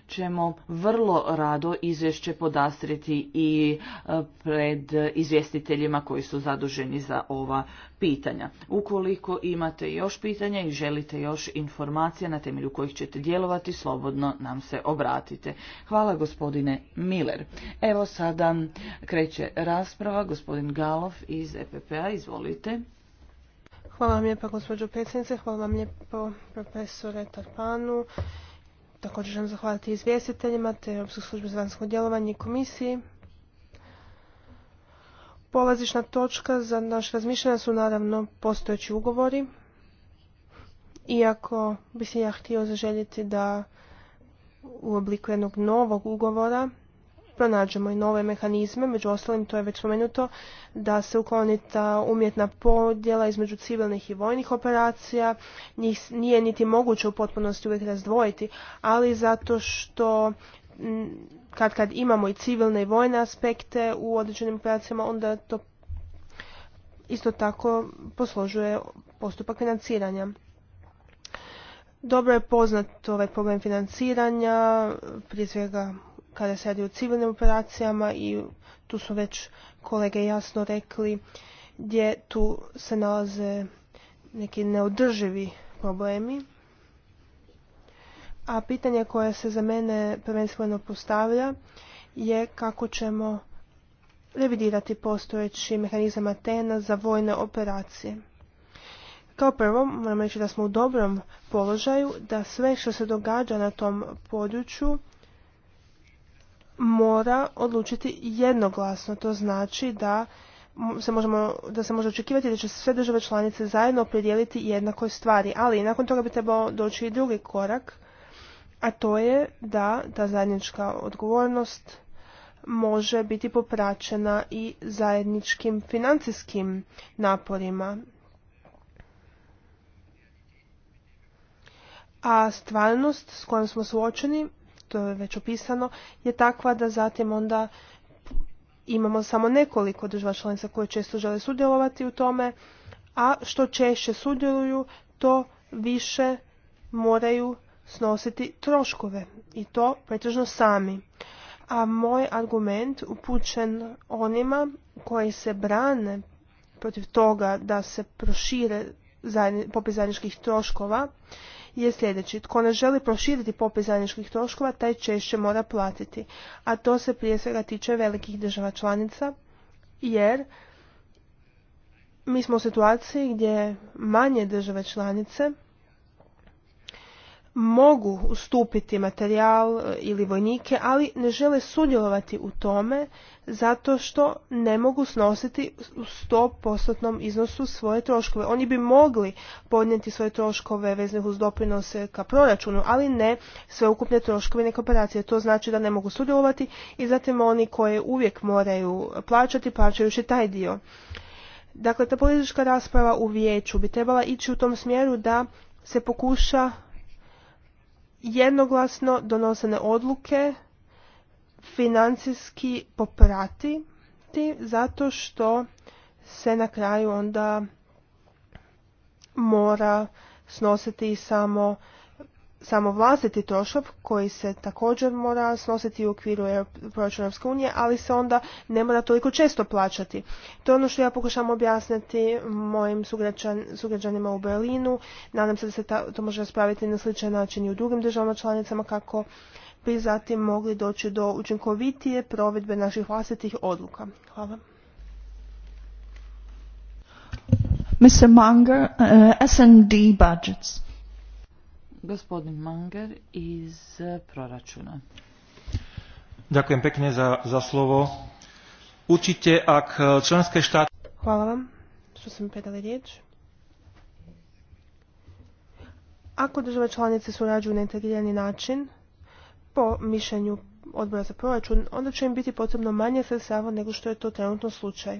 ćemo vrlo rado izvješće podastriti i eh, pred izvjestiteljima koji su zaduženi za ova pitanja. Ukoliko imate još pitanja i želite još informacija na temelju kojih ćete djelovati, slobodno nam se obratite. Hvala gospodine Miller. Evo sada kreće rasprava. Gospodin Galov iz EPP-a, izvolite. Hvala vam lijepa gospođo predsjednice, hvala vam lijepo profesore Tarpanu. Također želim zahvaliti izvjestiteljima te Europske službe za vanjsko djelovanje i komisiji Polazišna točka za naš razmišljanje su naravno postojeći ugovori. Iako bi se ja htio zaželjeti da u obliku jednog novog ugovora pronađemo i nove mehanizme, među ostalim to je već spomenuto, da se ukloni ta umjetna podjela između civilnih i vojnih operacija, njih nije niti moguće u potpunosti uvijek razdvojiti, ali zato što kad kad imamo i civilne i vojne aspekte u određenim operacijama, onda to isto tako posložuje postupak financiranja. Dobro je poznat ovaj problem financiranja, prije svega kada se radi o civilnim operacijama i tu su već kolege jasno rekli gdje tu se nalaze neki neodrživi problemi a pitanje koje se za mene prvenstveno postavlja je kako ćemo revidirati postojeći mehanizam Atena za vojne operacije. Kao prvo, moram reći da smo u dobrom položaju, da sve što se događa na tom području mora odlučiti jednoglasno. To znači da se možemo, da se može očekivati da će sve države članice zajedno opredijeliti jednakoj stvari, ali nakon toga bi trebao doći i drugi korak, a to je da ta zajednička odgovornost može biti popraćena i zajedničkim financijskim naporima. A stvarnost s kojom smo suočeni, to je već opisano, je takva da zatim onda imamo samo nekoliko država članica koje često žele sudjelovati u tome, a što češće sudjeluju, to više moraju snositi troškove i to pretežno sami. A moj argument upućen onima koji se brane protiv toga da se prošire popis zajedničkih troškova je sljedeći. Tko ne želi proširiti popis zajedničkih troškova, taj češće mora platiti. A to se prije svega tiče velikih država članica, jer mi smo u situaciji gdje manje države članice mogu ustupiti materijal e, ili vojnike, ali ne žele sudjelovati u tome zato što ne mogu snositi u 100% iznosu svoje troškove. Oni bi mogli podnijeti svoje troškove veznih uz doprinose ka proračunu, ali ne sve ukupne troškove neke operacije. To znači da ne mogu sudjelovati i zatim oni koje uvijek moraju plaćati, plaćaju i taj dio. Dakle, ta politička rasprava u vijeću bi trebala ići u tom smjeru da se pokuša jednoglasno donosene odluke financijski poprati zato što se na kraju onda mora snositi samo samo vlastiti trošak koji se također mora snositi u okviru proračuna Europske unije, ali se onda ne mora toliko često plaćati. To je ono što ja pokušam objasniti mojim sugrađanima u Berlinu. Nadam se da se to može raspraviti na sličan način i u drugim državama članicama kako bi zatim mogli doći do učinkovitije provedbe naših vlastitih odluka. Hvala. Mr. Munger, uh, S&D budgets. Gospodin Manger iz proračuna. Ďakujem pekne za, za slovo. Určite, ak e, členské štáty... Hvala vam što ste mi predali riječ. Ako države članice surađuju na integrirani način, po mišljenju odbora za proračun, onda će im biti potrebno manje sredstava nego što je to trenutno slučaj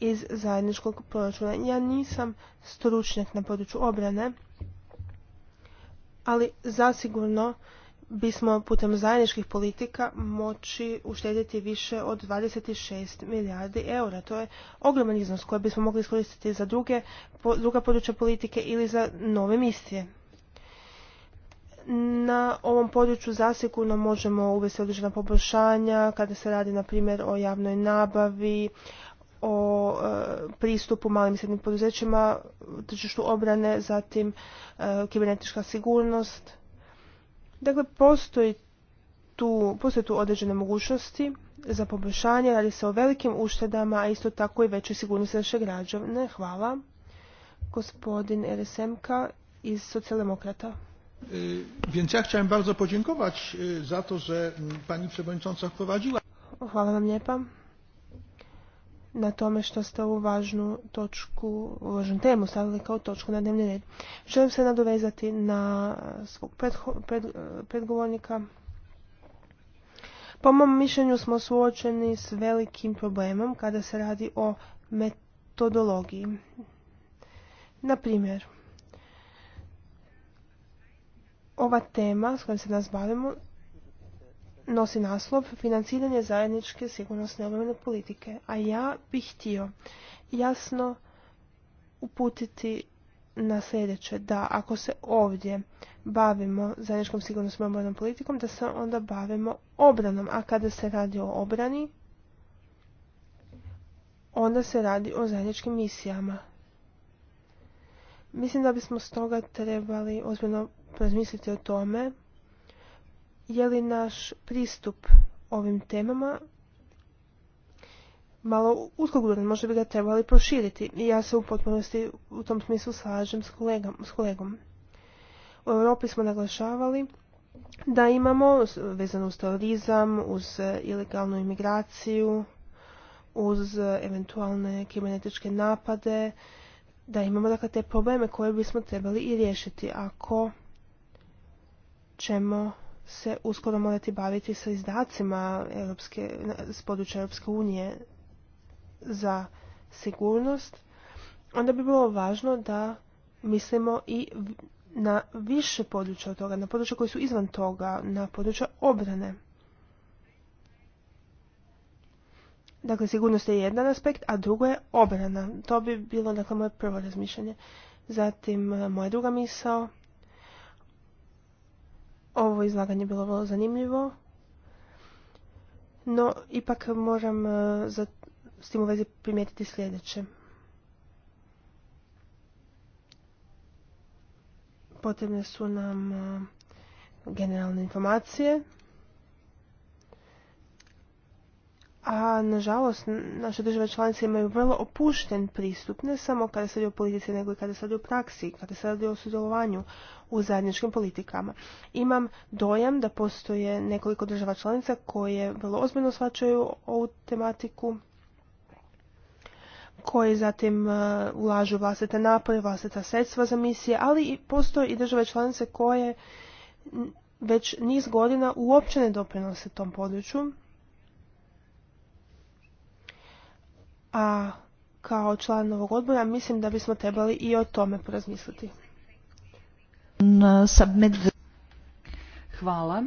iz zajedničkog proračuna. Ja nisam stručnjak na području obrane, ali zasigurno bismo putem zajedničkih politika moći uštedjeti više od 26 milijardi eura. To je ogroman iznos koji bismo mogli iskoristiti za druge, druga područja politike ili za nove misije. Na ovom području zasigurno možemo uvesti određena poboljšanja kada se radi na primjer o javnoj nabavi, o e, pristupu malim i srednjim poduzećima, tržištu obrane, zatim e, kibernetička sigurnost. Dakle, postoji tu, postoje tu određene mogućnosti za poboljšanje, radi se o velikim uštedama, a isto tako i većoj sigurnosti naše građane. Hvala. Gospodin RSMK iz Socijaldemokrata. E, więc ja chciałem bardzo podziękować za to, że pani przewodnicząca wprowadziła. Hvala vam lijepa na tome što ste ovu važnu točku, važnu temu stavili kao točku na dnevni red. Želim se nadovezati na svog predgovornika. Po mom mišljenju smo suočeni s velikim problemom kada se radi o metodologiji. Na ova tema s kojom se nas bavimo nosi naslov Financiranje zajedničke sigurnosne obrane politike, a ja bih htio jasno uputiti na sljedeće, da ako se ovdje bavimo zajedničkom sigurnosnom obranom politikom, da se onda bavimo obranom, a kada se radi o obrani, onda se radi o zajedničkim misijama. Mislim da bismo stoga trebali ozbiljno razmisliti o tome je li naš pristup ovim temama malo uskogledan, možda bi ga trebali proširiti. ja se u potpunosti u tom smislu slažem s, kolegom, s kolegom. U Europi smo naglašavali da imamo, vezano uz terorizam, uz e, ilegalnu imigraciju, uz e, eventualne kibernetičke napade, da imamo dakle te probleme koje bismo trebali i riješiti ako ćemo se uskoro morati baviti sa izdacima s područja Europske unije za sigurnost, onda bi bilo važno da mislimo i na više područja od toga, na područja koji su izvan toga, na područja obrane. Dakle, sigurnost je jedan aspekt, a drugo je obrana. To bi bilo dakle, moje prvo razmišljanje. Zatim, moja druga misao – ovo izlaganje je bilo vrlo zanimljivo, no ipak moram e, s tim u vezi primijetiti sljedeće. Potrebne su nam e, generalne informacije a nažalost naše države članice imaju vrlo opušten pristup, ne samo kada se radi o politici, nego i kada se radi o praksi, kada se radi o sudjelovanju u zajedničkim politikama. Imam dojam da postoje nekoliko država članica koje vrlo ozbiljno shvaćaju ovu tematiku, koje zatim e, ulažu vlastite napore, vlastita sredstva za misije, ali i postoje i države članice koje već niz godina uopće ne doprinose tom području, A kao član ovog odbora mislim da bismo trebali i o tome porazmisliti. Hvala.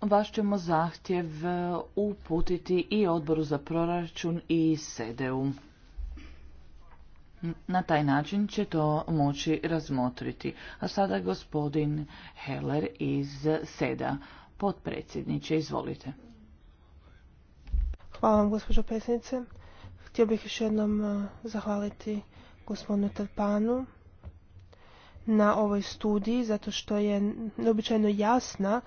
Vaš ćemo zahtjev e, uputiti i odboru za proračun i SEDEU. Na taj način će to moći razmotriti. A sada gospodin Heller iz SEDA. Potpredsjedniče, izvolite. Hvala vam, gospođo predsjednice. Htio bih još jednom e, zahvaliti gospodinu Trpanu na ovoj studiji, zato što je neobičajno jasna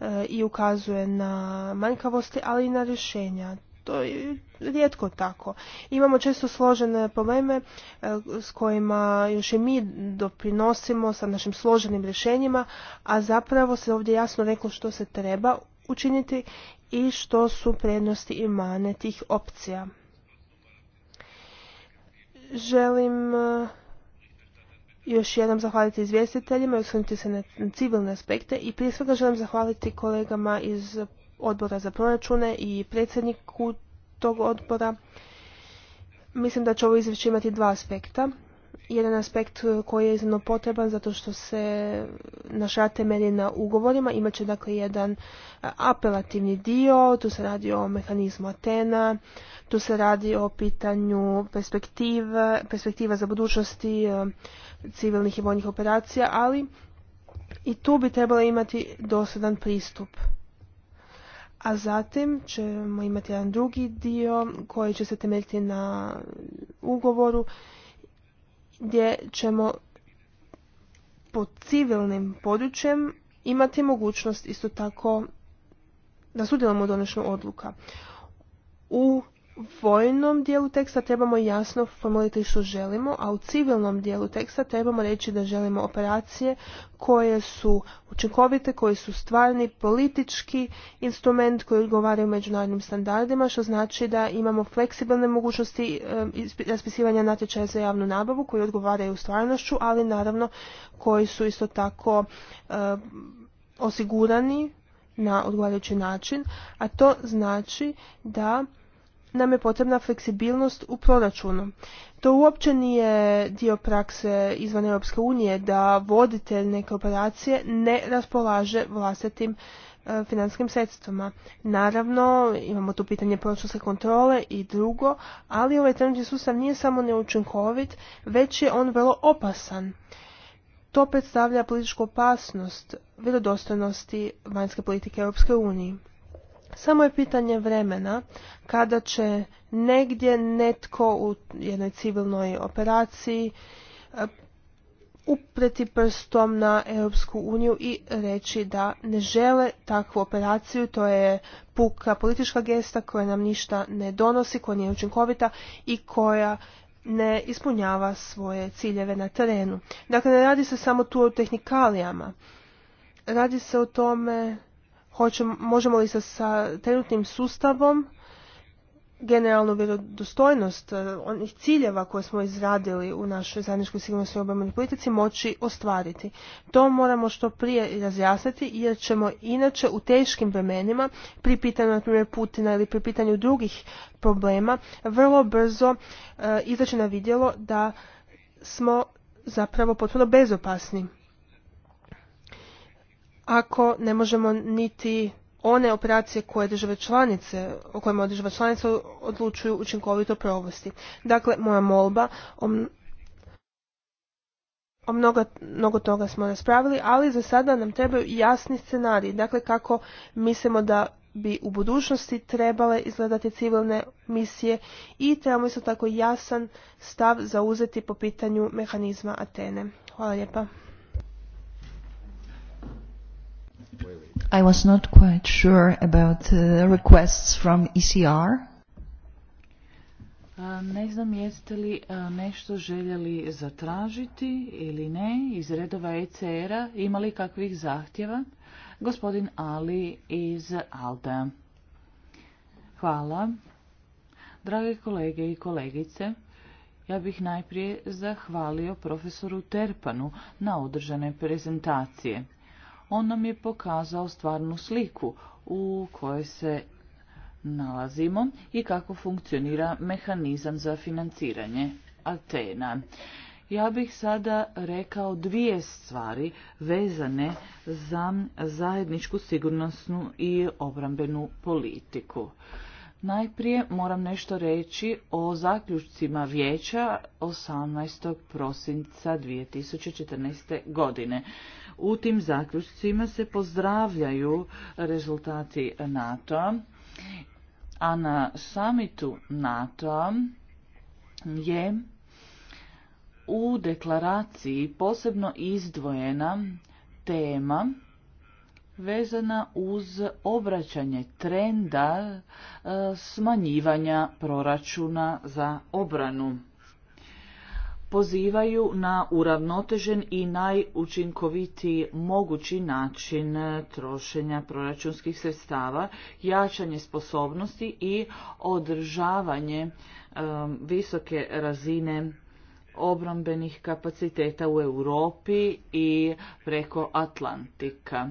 e, i ukazuje na manjkavosti, ali i na rješenja. To je rijetko tako. Imamo često složene probleme e, s kojima još i mi doprinosimo sa našim složenim rješenjima, a zapravo se ovdje jasno reklo što se treba učiniti i što su prednosti i mane tih opcija. Želim e, još jednom zahvaliti izvjestiteljima i osvrnuti se na civilne aspekte i prije svega želim zahvaliti kolegama iz odbora za proračune i predsjedniku tog odbora. Mislim da će ovo izvješće imati dva aspekta jedan aspekt e, koji je iznimno potreban zato što se naš rad temelji na ugovorima. Imat će dakle jedan e, apelativni dio, tu se radi o mehanizmu Atena, tu se radi o pitanju perspektive, perspektiva za budućnosti e, civilnih i vojnih operacija, ali i tu bi trebalo imati dosadan pristup. A zatim ćemo imati jedan drugi dio koji će se temeljiti na ugovoru gdje ćemo pod civilnim područjem imati mogućnost isto tako da sudjelujemo u donošenju odluka. U vojnom dijelu teksta trebamo jasno formulirati što želimo, a u civilnom dijelu teksta trebamo reći da želimo operacije koje su učinkovite, koje su stvarni politički instrument koji odgovaraju međunarodnim standardima, što znači da imamo fleksibilne mogućnosti raspisivanja natječaja za javnu nabavu koji odgovaraju stvarnošću, ali naravno koji su isto tako osigurani na odgovarajući način, a to znači da nam je potrebna fleksibilnost u proračunu. To uopće nije dio prakse izvan Europske unije da voditelj neke operacije ne raspolaže vlastitim e, financijskim sredstvima. Naravno, imamo tu pitanje proračunske kontrole i drugo, ali ovaj trenutni sustav nije samo neučinkovit, već je on vrlo opasan. To predstavlja političku opasnost vjerodostojnosti vanjske politike Europske unije. Samo je pitanje vremena kada će negdje netko u jednoj civilnoj operaciji eh, upreti prstom na Europsku uniju i reći da ne žele takvu operaciju, to je puka politička gesta koja nam ništa ne donosi, koja nije učinkovita i koja ne ispunjava svoje ciljeve na terenu. Dakle, ne radi se samo tu o tehnikalijama. Radi se o tome možemo li se sa trenutnim sustavom generalnu vjerodostojnost e, onih ciljeva koje smo izradili u našoj zajedničkoj sigurnosnoj i obrambenoj politici moći ostvariti. To moramo što prije razjasniti jer ćemo inače u teškim vremenima pri pitanju na primjer Putina ili pri pitanju drugih problema vrlo brzo e, izaći na vidjelo da smo zapravo potpuno bezopasni ako ne možemo niti one operacije koje države članice, o kojima države članice odlučuju učinkovito provosti. Dakle, moja molba o mnogo, mnogo toga smo raspravili, ali za sada nam trebaju jasni scenariji. Dakle, kako mislimo da bi u budućnosti trebale izgledati civilne misije i trebamo isto tako jasan stav zauzeti po pitanju mehanizma Atene. Hvala lijepa. I was not quite sure about uh, requests from ECR. Ne znam jeste li nešto željeli zatražiti ili ne iz redova ECR-a, imali kakvih zahtjeva? Gospodin Ali iz Alda. Hvala. Drage kolege i kolegice, ja bih najprije zahvalio profesoru Terpanu na održane prezentacije on nam je pokazao stvarnu sliku u kojoj se nalazimo i kako funkcionira mehanizam za financiranje Atena. Ja bih sada rekao dvije stvari vezane za zajedničku sigurnosnu i obrambenu politiku. Najprije moram nešto reći o zaključcima vijeća 18. prosinca 2014. godine. U tim zaključcima se pozdravljaju rezultati NATO-a, a na samitu NATO-a je u deklaraciji posebno izdvojena tema vezana uz obraćanje trenda e, smanjivanja proračuna za obranu pozivaju na uravnotežen i najučinkovitiji mogući način trošenja proračunskih sredstava, jačanje sposobnosti i održavanje e, visoke razine obrambenih kapaciteta u Europi i preko Atlantika.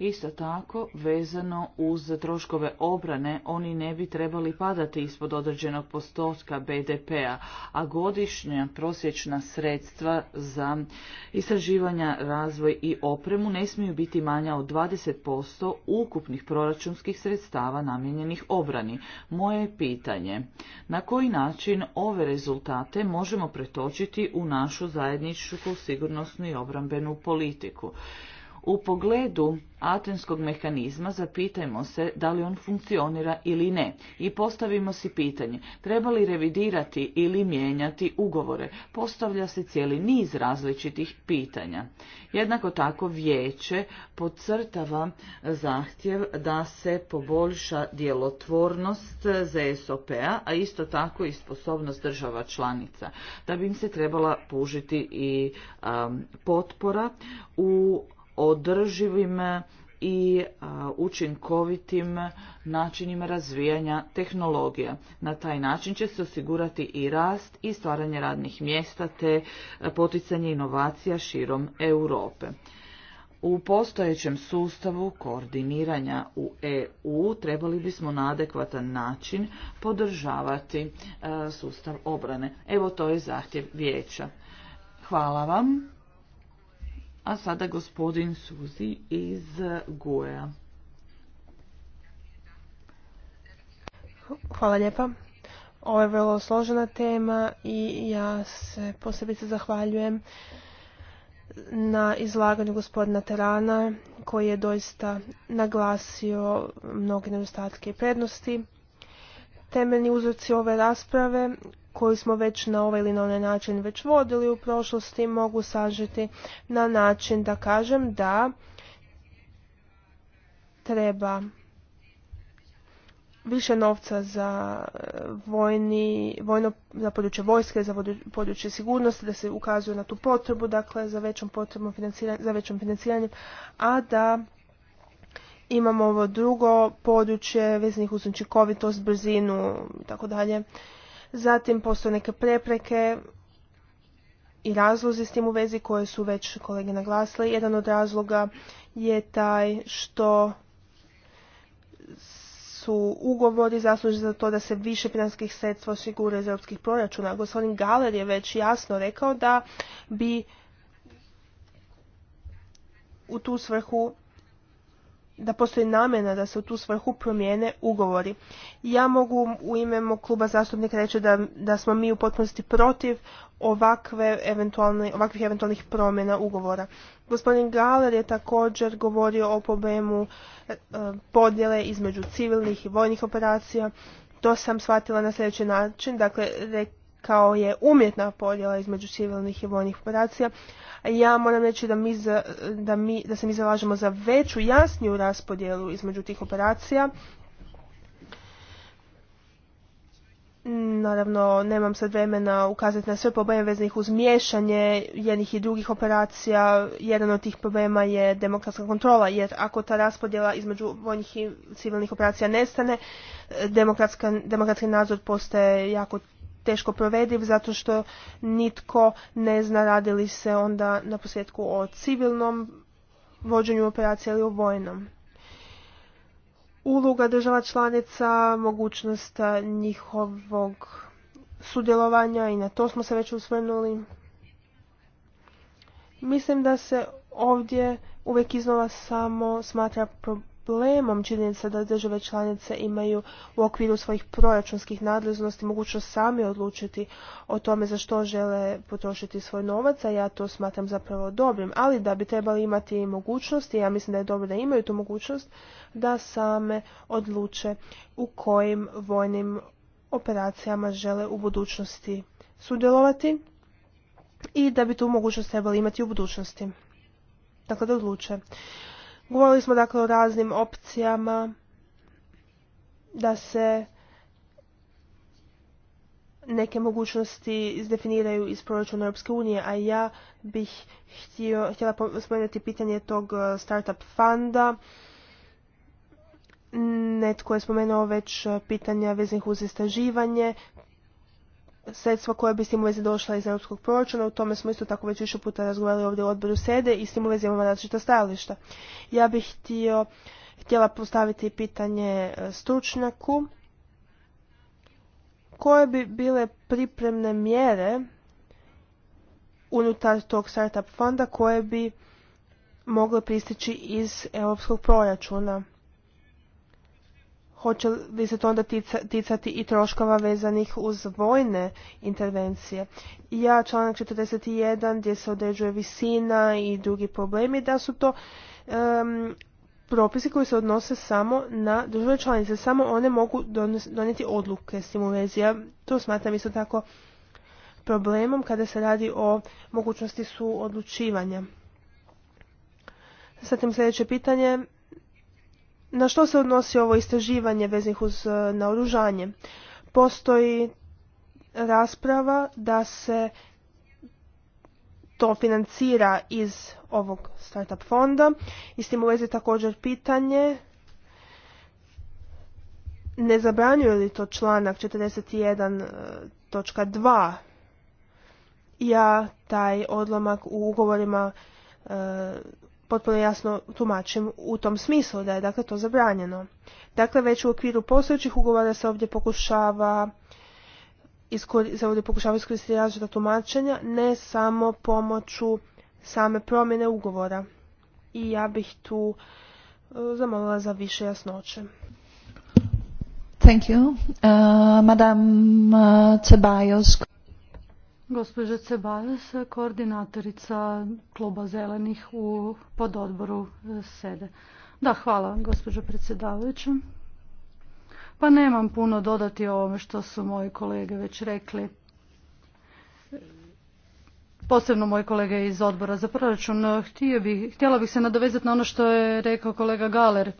Isto tako, vezano uz troškove obrane, oni ne bi trebali padati ispod određenog postotka BDP-a, a godišnja prosječna sredstva za istraživanja, razvoj i opremu ne smiju biti manja od 20% ukupnih proračunskih sredstava namijenjenih obrani. Moje pitanje, na koji način ove rezultate možemo pretočiti u našu zajedničku sigurnosnu i obrambenu politiku? U pogledu atenskog mehanizma zapitajmo se da li on funkcionira ili ne i postavimo si pitanje treba li revidirati ili mijenjati ugovore. Postavlja se cijeli niz različitih pitanja. Jednako tako vijeće podcrtava zahtjev da se poboljša djelotvornost ZSOP-a, a isto tako i sposobnost država članica, da bi im se trebala pužiti i potpora u održivim i učinkovitim načinima razvijanja tehnologija. Na taj način će se osigurati i rast i stvaranje radnih mjesta te poticanje inovacija širom Europe. U postojećem sustavu koordiniranja u EU trebali bismo na adekvatan način podržavati sustav obrane. Evo to je zahtjev vijeća. Hvala vam. A sada gospodin Suzi iz Guja. Hvala lijepa. Ovo je vrlo složena tema i ja se posebice zahvaljujem na izlaganju gospodina Terana koji je doista naglasio mnoge nedostatke i prednosti. Temeljni uzorci ove rasprave koju smo već na ovaj ili na onaj način već vodili u prošlosti mogu sažeti na način da kažem da treba više novca za eh, vojni, vojno, za područje vojske, za područje sigurnosti, da se ukazuje na tu potrebu, dakle za većom potrebom za većom financiranjem, a da imamo ovo drugo područje vezanih uz učinkovitost, brzinu i tako dalje. Zatim postoje neke prepreke i razlozi s tim u vezi koje su već kolege naglasili. Jedan od razloga je taj što su ugovori zasluženi za to da se više finanskih sredstva osigura iz europskih proračuna. Gospodin Galer je već jasno rekao da bi u tu svrhu da postoji namjena da se u tu svrhu promijene ugovori. Ja mogu u ime mog kluba zastupnika reći da, da smo mi u potpunosti protiv ovakve eventualne, ovakvih eventualnih promjena ugovora. Gospodin Galer je također govorio o problemu e, podjele između civilnih i vojnih operacija. To sam shvatila na sljedeći način. Dakle, kao je umjetna podjela između civilnih i vojnih operacija. Ja moram reći da mi, da, mi, da se mi zalažemo za veću, jasniju raspodjelu između tih operacija. Naravno, nemam sad vremena ukazati na sve probleme veznih uz miješanje jednih i drugih operacija. Jedan od tih problema je demokratska kontrola, jer ako ta raspodjela između vojnih i civilnih operacija nestane, demokratski nadzor postaje jako teško provediv zato što nitko ne zna radili se onda na posljedku o civilnom vođenju operacije ili o vojnom. Uloga država članica, mogućnost njihovog sudjelovanja i na to smo se već usvrnuli. Mislim da se ovdje uvijek iznova samo smatra problemom činjenica da države članice imaju u okviru svojih proračunskih nadležnosti mogućnost sami odlučiti o tome za što žele potrošiti svoj novac, a ja to smatram zapravo dobrim, ali da bi trebali imati i mogućnosti, ja mislim da je dobro da imaju tu mogućnost, da same odluče u kojim vojnim operacijama žele u budućnosti sudjelovati i da bi tu mogućnost trebali imati u budućnosti. Dakle, da odluče. Govorili smo dakle o raznim opcijama da se neke mogućnosti izdefiniraju iz proračuna Europske unije, a ja bih htjela spomenuti pitanje tog eh, startup fanda. Netko je spomenuo već eh, pitanja veznih uz istraživanje, sredstva koje bi s tim vezi došla iz europskog proračuna, u tome smo isto tako već više puta razgovarali ovdje u odboru sede i s tim u vezi imamo različita stajališta. Ja bih htio, htjela postaviti pitanje e, stručnjaku koje bi bile pripremne mjere unutar tog startup fonda koje bi mogle pristići iz europskog proračuna hoće li se to onda ticati i troškova vezanih uz vojne intervencije. Ja članak 41 gdje se određuje visina i drugi problemi da su to propisi koji se odnose samo na države članice, samo one mogu donijeti odluke s tim u vezi. Ja to smatram isto tako problemom kada se radi o mogućnosti suodlučivanja. Zatim sljedeće pitanje na što se odnosi ovo istraživanje veznih uz e, naoružanje? Postoji rasprava da se to financira iz ovog startup fonda i s tim u vezi također pitanje ne zabranjuje li to članak 41.2 e, ja taj odlomak u ugovorima e, potpuno jasno tumačim u tom smislu da je dakle to zabranjeno. Dakle, već u okviru postojećih ugovora se ovdje pokušava se ovdje pokušava iskoristiti različita tumačenja, ne samo pomoću same promjene ugovora. I ja bih tu e, zamolila za više jasnoće. Thank you. Uh, Madame, uh, Gospođa Cebajas, koordinatorica kluba zelenih u pododboru e, SEDE. Da, hvala gospođo predsjedavajuća. Pa nemam puno dodati o ovome što su moji kolege već rekli. Posebno moji kolege iz odbora za proračun. htjela bih se nadovezati na ono što je rekao kolega Galer.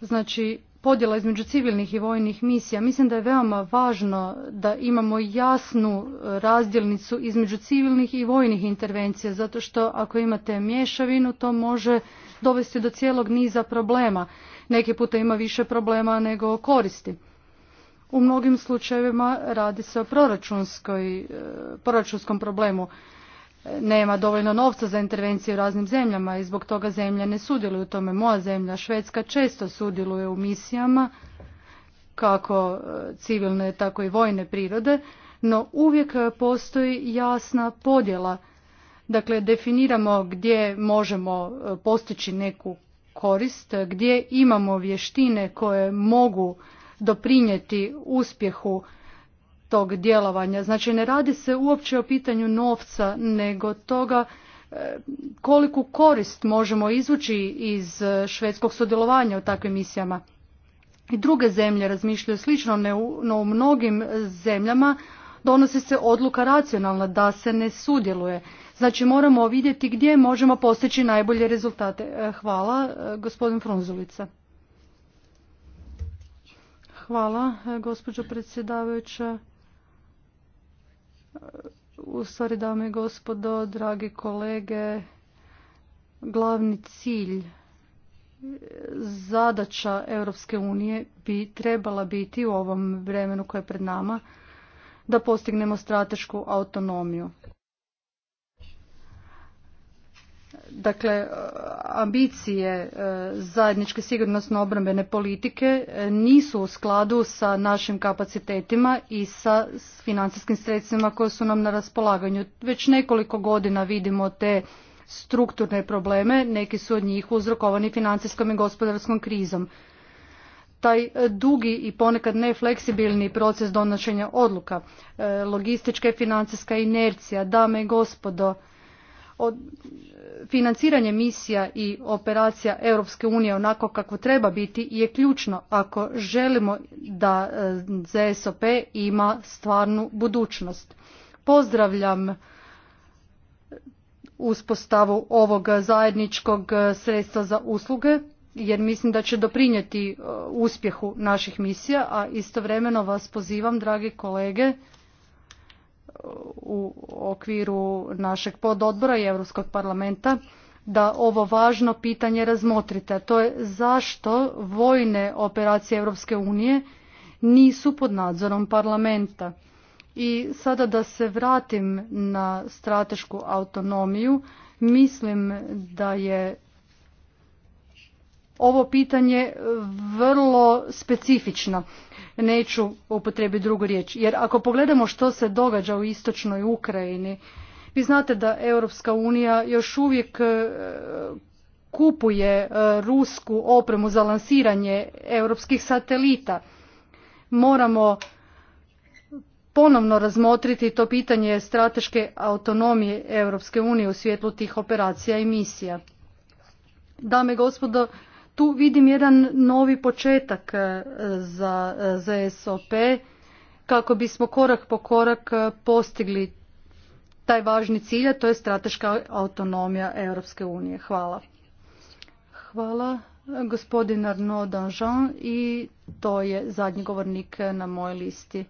Znači, podjela između civilnih i vojnih misija. Mislim da je veoma važno da imamo jasnu razdjelnicu između civilnih i vojnih intervencija, zato što ako imate mješavinu to može dovesti do cijelog niza problema. Neki puta ima više problema nego koristi. U mnogim slučajevima radi se o proračunskoj, e, proračunskom problemu nema dovoljno novca za intervencije u raznim zemljama i zbog toga zemlja ne sudjeluju, u tome. Moja zemlja, Švedska, često sudjeluje u misijama kako e, civilne, tako i vojne prirode, no uvijek postoji jasna podjela. Dakle, definiramo gdje možemo e, postići neku korist, gdje imamo vještine koje mogu doprinijeti uspjehu tog djelovanja. Znači ne radi se uopće o pitanju novca, nego toga e, koliku korist možemo izvući iz e, švedskog sudjelovanja u takvim misijama. I druge zemlje razmišljaju slično, no u mnogim zemljama donosi se odluka racionalna da se ne sudjeluje. Znači moramo vidjeti gdje možemo postići najbolje rezultate. E, hvala, gospodin Frunzulica. Hvala, gospođo predsjedavajuća u stvari dame i gospodo, dragi kolege, glavni cilj zadaća Europske unije bi trebala biti u ovom vremenu koje je pred nama da postignemo stratešku autonomiju. Dakle, e, ambicije e, zajedničke sigurnosno obrambene politike e, nisu u skladu sa našim kapacitetima i sa financijskim sredstvima koje su nam na raspolaganju. Već nekoliko godina vidimo te strukturne probleme, neki su od njih uzrokovani financijskom i gospodarskom krizom. Taj dugi i ponekad nefleksibilni proces donošenja odluka, logistička i financijska inercija, dame i gospodo, od, financiranje misija i operacija Europske unije onako kako treba biti je ključno ako želimo da e, ZSOP ima stvarnu budućnost. Pozdravljam uspostavu ovog zajedničkog e, sredstva za usluge jer mislim da će doprinijeti e, uspjehu naših misija, a istovremeno vas pozivam, dragi kolege, u okviru našeg pododbora i Europskog parlamenta da ovo važno pitanje razmotrite. To je zašto vojne operacije Europske unije nisu pod nadzorom parlamenta. I sada da se vratim na stratešku autonomiju, mislim da je ovo pitanje e, vrlo specifično. Neću upotrijebiti drugu riječ. Jer ako pogledamo što se događa u istočnoj Ukrajini, vi znate da Europska unija još uvijek e, kupuje e, rusku opremu za lansiranje europskih satelita. Moramo ponovno razmotriti to pitanje strateške autonomije Europske unije u svjetlu tih operacija i misija. Dame i gospodo, tu vidim jedan novi početak e, za e, SOP kako bismo korak po korak e, postigli taj važni cilj, a to je strateška autonomija Europske unije. Hvala. Hvala gospodin Arnaud Danjean i to je zadnji govornik na mojoj listi.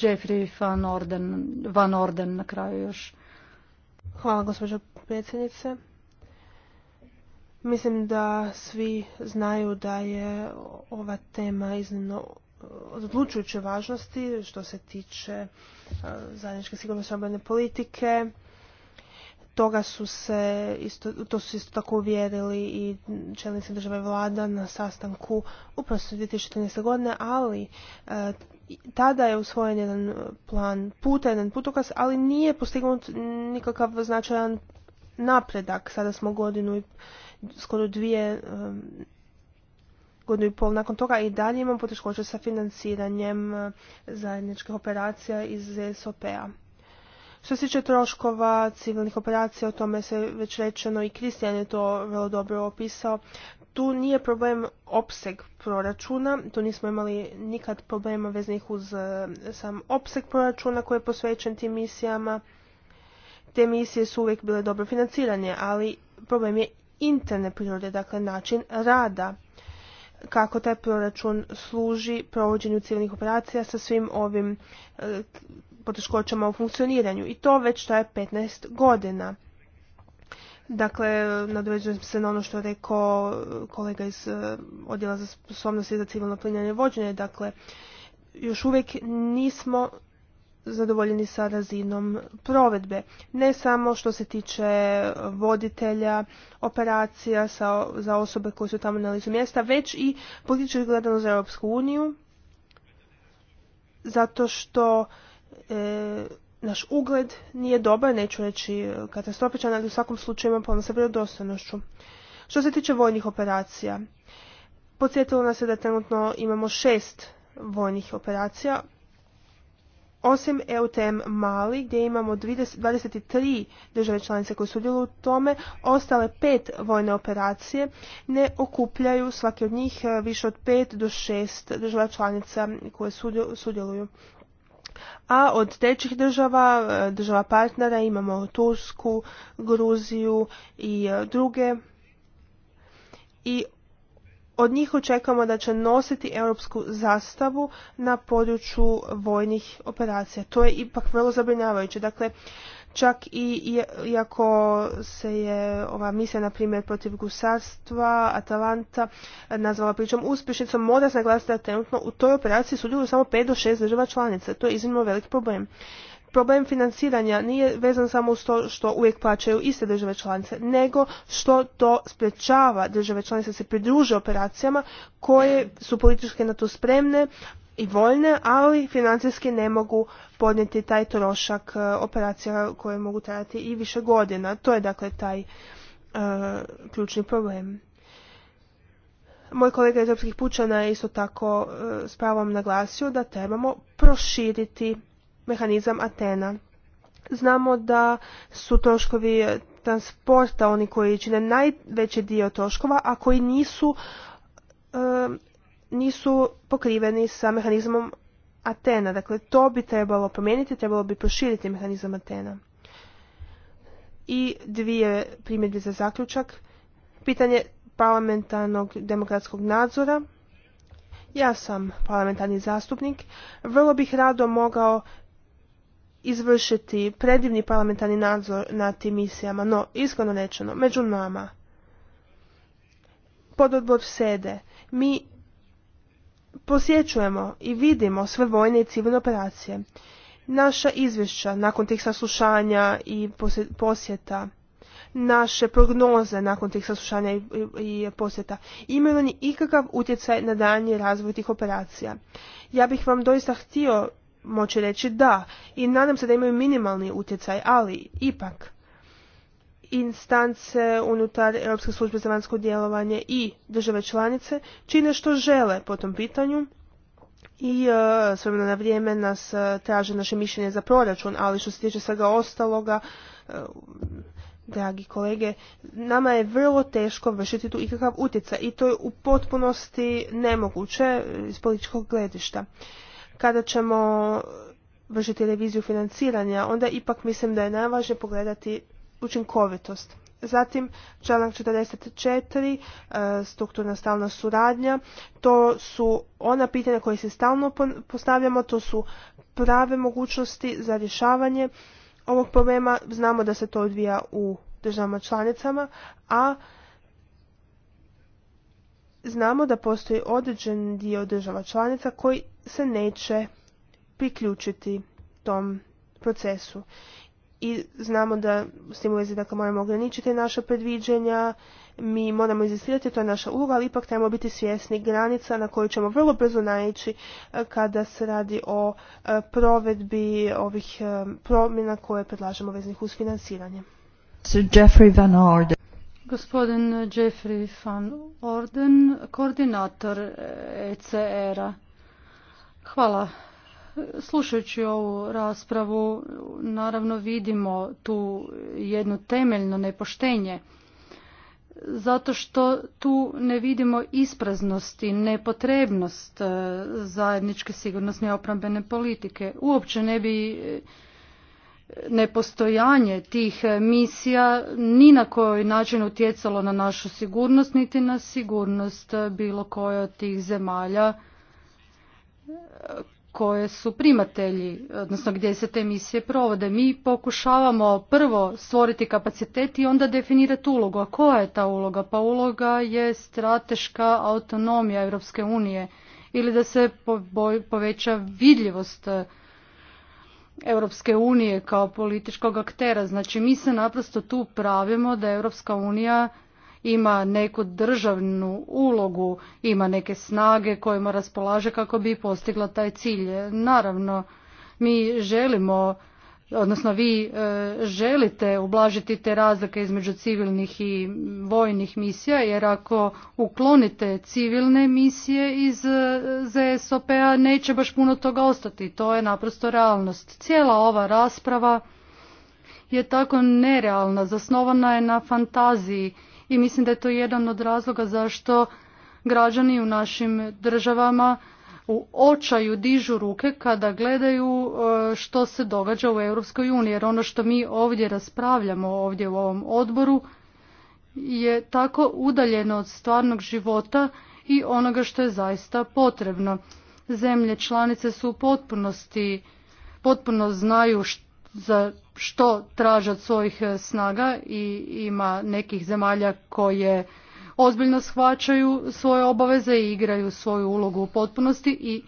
Jeffrey van Orden, van Orden na kraju još. Hvala gospođo predsjednice. Mislim da svi znaju da je ova tema iznimno eh, odlučujuće važnosti što se tiče eh, zajedničke sigurnosti politike. Toga su se isto, to su isto tako uvjerili i čelnici države vlada na sastanku u prosincu 2014. godine, ali eh, tada je usvojen jedan plan puta, jedan putokaz, ali nije postignut nikakav značajan napredak. Sada smo godinu i skoro dvije godine godinu i pol nakon toga i dalje imam poteškoće sa financiranjem eh, zajedničkih operacija iz SOP-a. Što se tiče troškova civilnih operacija, o tome se već rečeno i Kristijan je to vrlo dobro opisao. Tu nije problem opseg proračuna, tu nismo imali nikad problema veznih uz eh, sam opseg proračuna koji je posvećen tim misijama. Te misije su uvijek bile dobro financirane, ali problem je interne prirode, dakle način rada kako taj proračun služi provođenju civilnih operacija sa svim ovim e, poteškoćama u funkcioniranju. I to već traje 15 godina. Dakle, nadovezujem se na ono što je rekao kolega iz e, Odjela za sposobnosti za civilno planiranje vođenje. Dakle, još uvijek nismo zadovoljeni sa razinom provedbe. Ne samo što se tiče voditelja, operacija za osobe koje su tamo na licu mjesta, već i politički gledano za Europsku uniju, zato što e, naš ugled nije dobar, neću reći katastrofičan, ali u svakom slučaju imam ponos sa vjerodostojnošću. Što se tiče vojnih operacija, podsjetilo nas je da trenutno imamo šest vojnih operacija osim EUTM Mali gdje imamo 23 države članice koje sudjeluju u tome, ostale pet vojne operacije ne okupljaju svaki od njih e, više od pet do šest država članica koje sudjeluju. A od trećih država, e, država partnera imamo Tursku, Gruziju i e, druge. I od njih očekamo da će nositi europsku zastavu na području vojnih operacija. To je ipak vrlo zabrinjavajuće. Dakle, čak i iako se je ova misija, na primjer, protiv gusarstva, Atalanta, nazvala pričom uspješnicom, mora se naglasiti da trenutno u toj operaciji sudjeluju samo 5 do 6 država članica. To je iznimno velik problem problem financiranja nije vezan samo uz to što uvijek plaćaju iste države članice, nego što to sprečava države članice da se pridruže operacijama koje su politički na to spremne i voljne, ali financijski ne mogu podnijeti taj trošak e, operacija koje mogu trajati i više godina. To je dakle taj e, ključni problem. Moj kolega iz Europskih pučana je isto tako e, s pravom naglasio da trebamo proširiti mehanizam Atena. Znamo da su troškovi transporta oni koji čine najveći dio troškova, a koji nisu, nisu pokriveni sa mehanizmom Atena. Dakle, to bi trebalo promijeniti, trebalo bi proširiti mehanizam Atena. I dvije primjedbe za zaključak. Pitanje parlamentarnog demokratskog nadzora. Ja sam parlamentarni zastupnik. Vrlo bih rado mogao izvršiti predivni parlamentarni nadzor na tim misijama, no iskreno rečeno, među nama, odbor sede, mi posjećujemo i vidimo sve vojne i civilne operacije. Naša izvješća nakon tih saslušanja i posjeta, naše prognoze nakon tih saslušanja i posjeta, imaju li ikakav utjecaj na daljnji razvoj tih operacija? Ja bih vam doista htio moći reći da i nadam se da imaju minimalni utjecaj, ali ipak instance unutar Europske službe za vanjsko djelovanje i države članice čine što žele po tom pitanju i e, s na vrijeme nas e, traže naše mišljenje za proračun, ali što se tiče svega ostaloga, e, dragi kolege, nama je vrlo teško vršiti tu ikakav utjecaj i to je u potpunosti nemoguće iz političkog gledišta. Kada ćemo vršiti reviziju financiranja, onda ipak mislim da je najvažnije pogledati učinkovitost. Zatim članak 44, e, strukturna stalna suradnja, to su ona pitanja koje se stalno postavljamo, to su prave mogućnosti za rješavanje ovog problema. Znamo da se to odvija u državama članicama, a znamo da postoji određen dio država članica koji se neće priključiti tom procesu. I znamo da s tim uvezi dakle, moramo ograničiti naša predviđenja, mi moramo izistirati, to je naša uloga, ali ipak trebamo biti svjesni granica na koju ćemo vrlo brzo naići e, kada se radi o e, provedbi ovih e, promjena koje predlažemo veznih uz financiranje. Sir Jeffrey Van Gospodin Jeffrey van Orden, koordinator ECR-a. Hvala. Slušajući ovu raspravu, naravno vidimo tu jedno temeljno nepoštenje, zato što tu ne vidimo ispraznost i nepotrebnost e, zajedničke sigurnosne oprambene politike. Uopće ne bi nepostojanje tih misija ni na koji način utjecalo na našu sigurnost niti na sigurnost bilo koje od tih zemalja e, koje su primatelji, odnosno gdje se te misije provode. Mi pokušavamo prvo stvoriti kapacitet i onda definirati ulogu. A koja je ta uloga? Pa uloga je strateška autonomija Europske unije ili da se poveća vidljivost Europske unije kao političkog aktera. Znači mi se naprosto tu pravimo da Europska unija ima neku državnu ulogu, ima neke snage kojima raspolaže kako bi postigla taj cilj. Naravno, mi želimo odnosno vi e, želite ublažiti te razlike između civilnih i vojnih misija jer ako uklonite civilne misije iz e, ZSOP-a neće baš puno toga ostati. To je naprosto realnost. Cijela ova rasprava je tako nerealna, zasnovana je na fantaziji i mislim da je to jedan od razloga zašto građani u našim državama u očaju dižu ruke kada gledaju e, što se događa u Europskoj uniji. Jer ono što mi ovdje raspravljamo ovdje u ovom odboru je tako udaljeno od stvarnog života i onoga što je zaista potrebno. Zemlje članice su u potpunosti, potpuno znaju za što traže od svojih snaga i ima nekih zemalja koje ozbiljno shvaćaju svoje obaveze i igraju svoju ulogu u potpunosti i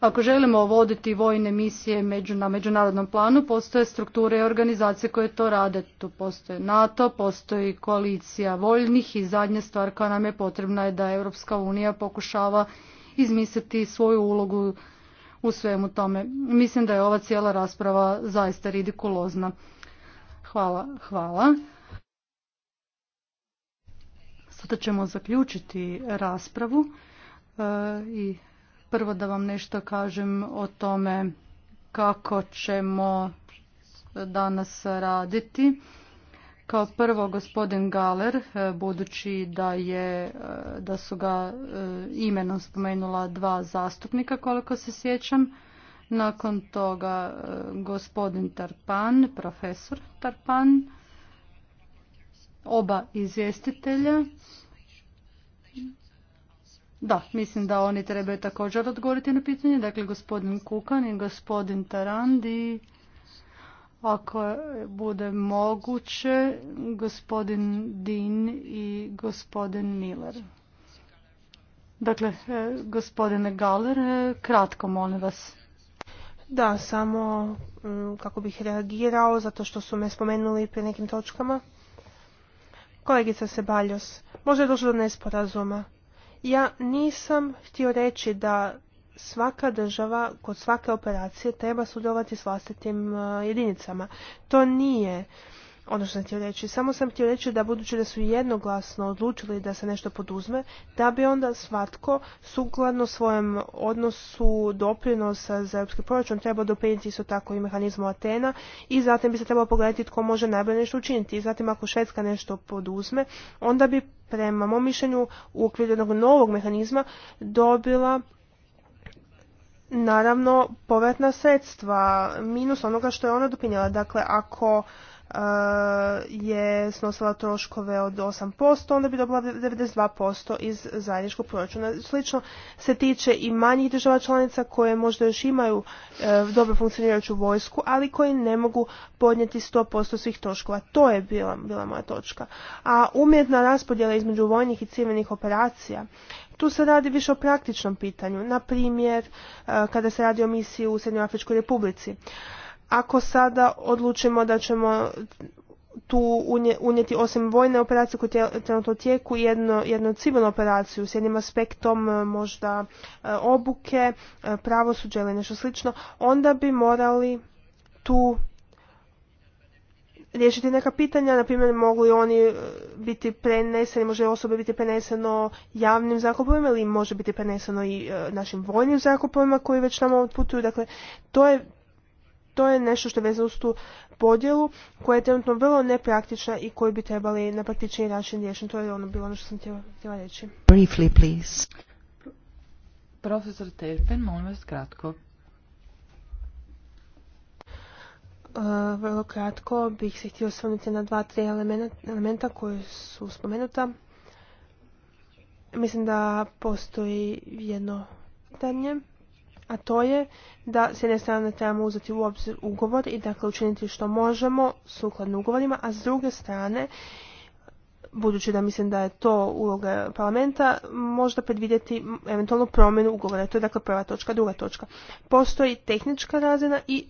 ako želimo voditi vojne misije među, na međunarodnom planu, postoje strukture i organizacije koje to rade. Tu postoje NATO, postoji koalicija voljnih i zadnja stvar koja nam je potrebna je da Europska unija pokušava izmisliti svoju ulogu u svemu tome. Mislim da je ova cijela rasprava zaista ridikulozna. Hvala, hvala. Sada ćemo zaključiti raspravu e, i prvo da vam nešto kažem o tome kako ćemo danas raditi. Kao prvo gospodin Galer, e, budući da, je, e, da su ga imenom spomenula dva zastupnika koliko se sjećam, nakon toga gospodin Tarpan, profesor Tarpan, oba izvjestitelja. Da, mislim da oni trebaju također odgovoriti na pitanje. Dakle, gospodin Kukan i gospodin Tarandi. Ako bude moguće, gospodin Din i gospodin Miller. Dakle, e, gospodine Galer, e, kratko molim vas. Da, samo mm, kako bih reagirao, zato što su me spomenuli pre nekim točkama. Kolegica Sebaljos, možda je došlo do nesporazuma. Ja nisam htio reći da svaka država kod svake operacije treba sudjelovati s vlastitim eh, jedinicama. To nije ono što sam htio reći. Samo sam htio reći da budući da su jednoglasno odlučili da se nešto poduzme, da bi onda svatko sukladno svojem odnosu doprinosa za europski proračun trebao doprinijeti isto tako i mehanizmu Atena i zatim bi se trebalo pogledati tko može najbolje nešto učiniti. I zatim ako Švedska nešto poduzme, onda bi prema mom mišljenju u okviru jednog novog mehanizma dobila naravno povratna sredstva minus onoga što je ona doprinjela. Dakle, ako je snosila troškove od 8%, onda bi dobila 92% iz zajedničkog proračuna. Slično se tiče i manjih država članica koje možda još imaju e, dobro funkcionirajuću vojsku, ali koji ne mogu podnijeti 100% svih troškova. To je bila, bila moja točka. A umjetna raspodjela između vojnih i civilnih operacija tu se radi više o praktičnom pitanju, na primjer e, kada se radi o misiji u Afričkoj republici ako sada odlučimo da ćemo tu unijeti osim vojne operacije koje trenutno tijeku jedno, jednu civilnu operaciju s jednim aspektom e, možda e, obuke, e, pravosuđa ili nešto slično, onda bi morali tu riješiti neka pitanja, na primjer mogli oni biti preneseni, može osobe biti preneseno javnim zakupovima ili može biti preneseno i našim vojnim zakupovima koji već nam odputuju. Dakle, to je to je nešto što je vezano uz tu podjelu koja je trenutno vrlo nepraktična i koju bi trebali na praktični način riješiti. To je ono bilo ono što sam htjela, reći. Briefly, please. Profesor Terpen, molim vas kratko. Uh, vrlo kratko bih se htio osvrnuti na dva, tri elementa, elementa koje su spomenuta. Mislim da postoji jedno pitanje a to je da s jedne strane trebamo uzeti u obzir ugovor i dakle učiniti što možemo sukladno ugovorima, a s druge strane, budući da mislim da je to uloga parlamenta, možda predvidjeti eventualnu promjenu ugovora. To je dakle prva točka, druga točka. Postoji tehnička razina i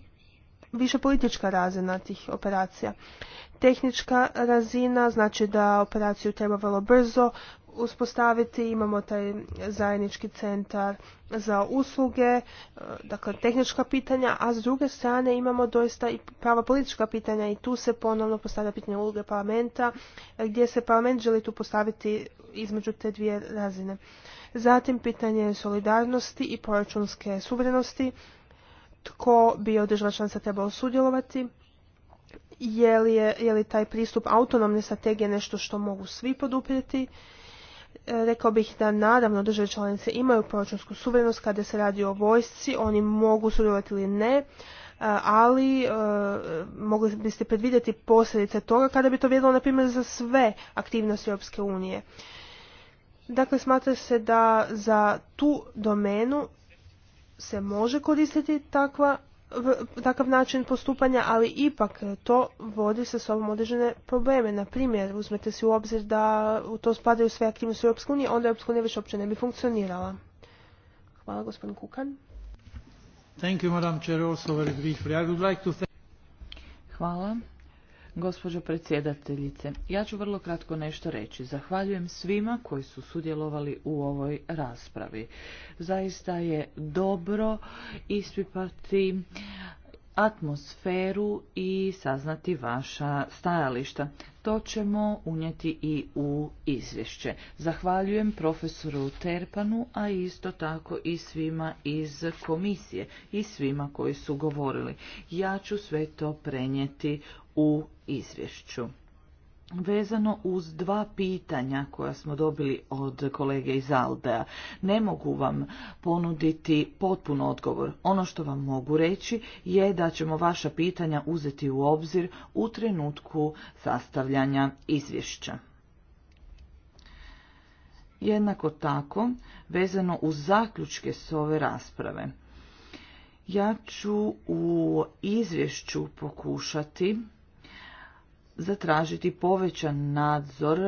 više politička razina tih operacija. Tehnička razina znači da operaciju treba vrlo brzo uspostaviti. Imamo taj zajednički centar za usluge, e, dakle tehnička pitanja, a s druge strane imamo doista i prava politička pitanja i tu se ponovno postavlja pitanje uloge parlamenta, gdje se parlament želi tu postaviti između te dvije razine. Zatim pitanje solidarnosti i proračunske suverenosti, tko bi od država članica trebao sudjelovati, je li, je, je li taj pristup autonomne strategije nešto što mogu svi poduprijeti E, rekao bih da naravno države članice imaju proračunsku suverenost kada se radi o vojsci, oni mogu sudjelovati ili ne, e, ali e, mogli biste predvidjeti posljedice toga kada bi to vrijedilo na primjer za sve aktivnosti Europske unije. Dakle, smatra se da za tu domenu se može koristiti takva takav način postupanja, ali ipak to vodi sa sobom određene probleme. Na primjer, uzmete si u obzir da u to spadaju sve aktivnosti u Europsku uniju, onda Europska unija više uopće ne bi funkcionirala. Hvala, gospodin Kukan. Thank Hvala. Gospođo predsjedateljice, ja ću vrlo kratko nešto reći. Zahvaljujem svima koji su sudjelovali u ovoj raspravi. Zaista je dobro ispipati atmosferu i saznati vaša stajališta. To ćemo unijeti i u izvješće. Zahvaljujem profesoru Terpanu, a isto tako i svima iz komisije i svima koji su govorili. Ja ću sve to prenijeti u izvješću. Vezano uz dva pitanja koja smo dobili od kolege iz Aldea, ne mogu vam ponuditi potpun odgovor. Ono što vam mogu reći je da ćemo vaša pitanja uzeti u obzir u trenutku sastavljanja izvješća. Jednako tako, vezano uz zaključke s ove rasprave, ja ću u izvješću pokušati zatražiti povećan nadzor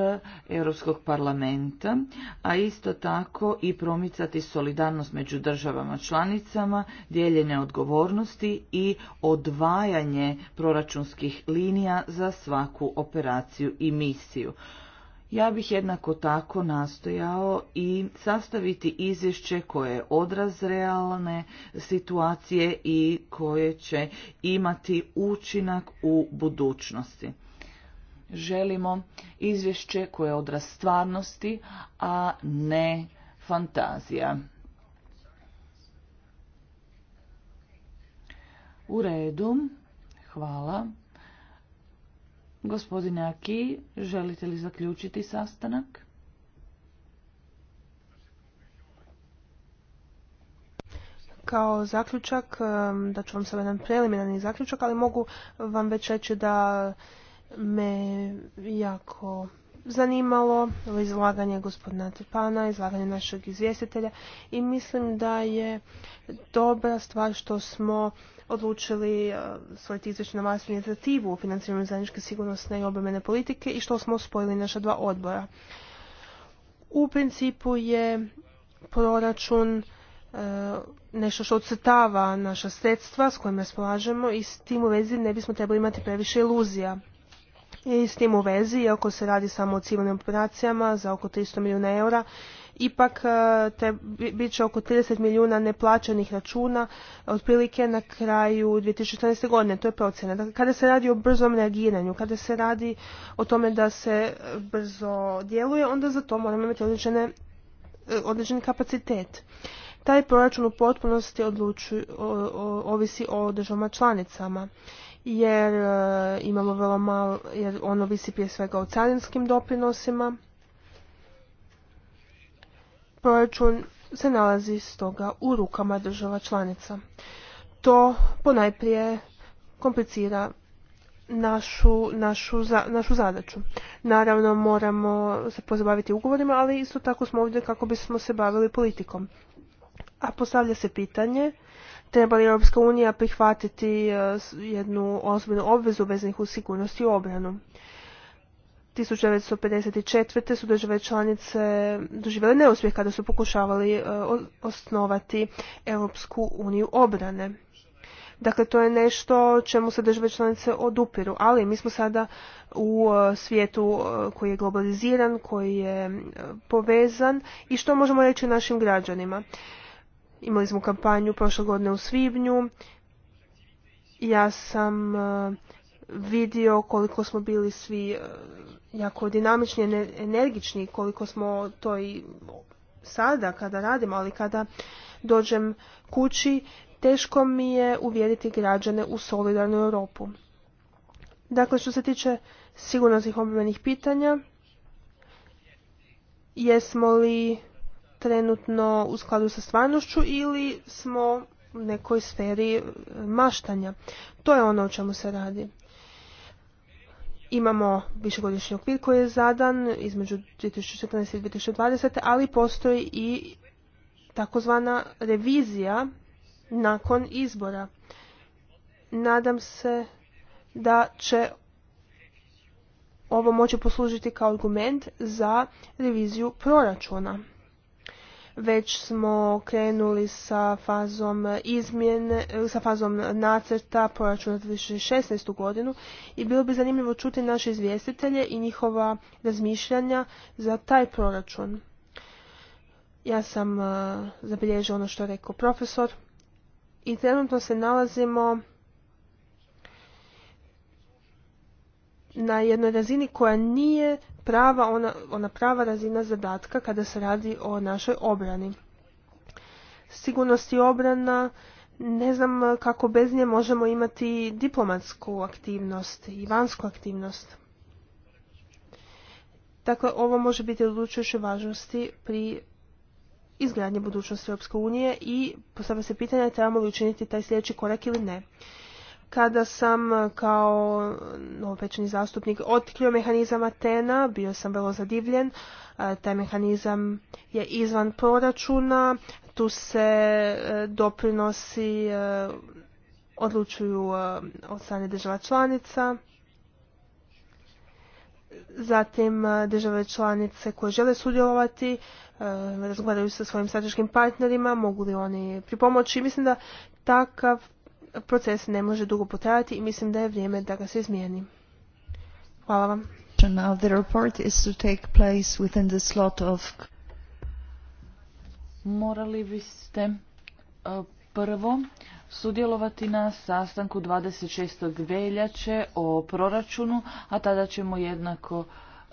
Europskog parlamenta, a isto tako i promicati solidarnost među državama članicama, dijeljenje odgovornosti i odvajanje proračunskih linija za svaku operaciju i misiju. Ja bih jednako tako nastojao i sastaviti izvješće koje je odraz realne situacije i koje će imati učinak u budućnosti želimo izvješće koje odraz stvarnosti, a ne fantazija. U redu, hvala. Gospodine Aki, želite li zaključiti sastanak? kao zaključak, da ću vam sad jedan preliminarni zaključak, ali mogu vam već reći da me jako zanimalo izlaganje gospodina Tepana, izlaganje našeg izvjestitelja i mislim da je dobra stvar što smo odlučili e, svoj izvješće na vlastnu inicijativu u financiranju zajedničke sigurnosne i obrambene politike i što smo spojili naša dva odbora. U principu je proračun e, nešto što odsetava naša sredstva s kojima raspolažemo i s tim u vezi ne bismo trebali imati previše iluzija. I s tim u vezi, iako se radi samo o civilnim operacijama za oko 300 milijuna eura, ipak e, te, bit će oko 30 milijuna neplaćenih računa otprilike na kraju 2014. godine. To je procjena. Dakle, kada se radi o brzom reagiranju, kada se radi o tome da se e, brzo djeluje, onda za to moramo imati određene, e, kapacitet. Taj proračun u potpunosti ovisi o državama članicama jer e, imamo vrlo malo, jer ono visi prije svega o carinskim doprinosima. Proračun se nalazi stoga u rukama država članica. To ponajprije komplicira našu, našu, našu zadaću. Naravno moramo se pozabaviti ugovorima, ali isto tako smo ovdje kako bismo se bavili politikom. A postavlja se pitanje Treba li Europska unija prihvatiti e, jednu ozbiljnu obvezu veznih u sigurnost i obranu? 1954. su države članice doživjele neuspjeh kada su pokušavali e, osnovati Europsku uniju obrane. Dakle, to je nešto čemu se države članice odupiru, ali mi smo sada u e, svijetu koji je globaliziran, koji je povezan i što možemo reći našim građanima. Imali smo kampanju prošle godine u Svibnju. Ja sam e, vidio koliko smo bili svi e, jako dinamični, energični, koliko smo to i sada kada radimo, ali kada dođem kući, teško mi je uvjeriti građane u solidarnu Europu. Dakle, što se tiče sigurnosnih obrambenih pitanja, jesmo li trenutno u skladu sa stvarnošću ili smo u nekoj sferi e, maštanja. To je ono o čemu se radi. Imamo višegodišnji okvir koji je zadan između 2014. i 2020. ali postoji i takozvana revizija nakon izbora. Nadam se da će ovo moći poslužiti kao argument za reviziju proračuna već smo krenuli sa fazom izmjene, eh, sa fazom nacrta proračuna 2016. godinu i bilo bi zanimljivo čuti naše izvjestitelje i njihova razmišljanja za taj proračun. Ja sam eh, zabilježila ono što je rekao profesor i trenutno se nalazimo na jednoj razini koja nije prava, ona, ona prava razina zadatka kada se radi o našoj obrani. Sigurnost i obrana, ne znam kako bez nje možemo imati diplomatsku aktivnost i vanjsku aktivnost. Dakle, ovo može biti odlučujuće važnosti pri izgradnji budućnosti Europske unije i postavlja se pitanje trebamo li učiniti taj sljedeći korak ili ne kada sam e, kao novopečeni e, zastupnik otkrio mehanizam Atena, bio sam vrlo zadivljen. E, taj mehanizam je izvan proračuna, tu se doprinosi odlučuju od strane država članica. Zatim države članice koje žele sudjelovati razgovaraju sa svojim strateškim partnerima, mogu li oni pripomoći. Mislim da takav proces ne može dugo potrajati i mislim da je vrijeme da ga se izmijeni. Hvala vam. Morali ste e, prvo sudjelovati na sastanku 26. veljače o proračunu, a tada ćemo jednako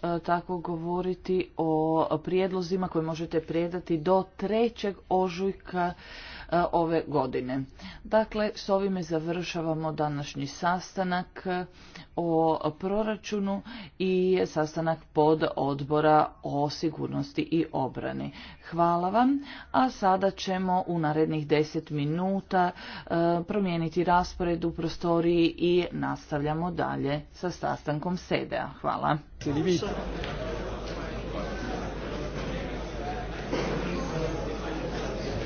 e, tako govoriti o prijedlozima koje možete predati do 3. ožujka E, ove godine. Dakle, s ovime završavamo današnji sastanak e, o proračunu i sastanak pod odbora o sigurnosti i obrani. Hvala vam, a sada ćemo u narednih deset minuta e, promijeniti raspored u prostoriji i nastavljamo dalje sa sastankom SEDEA. Hvala.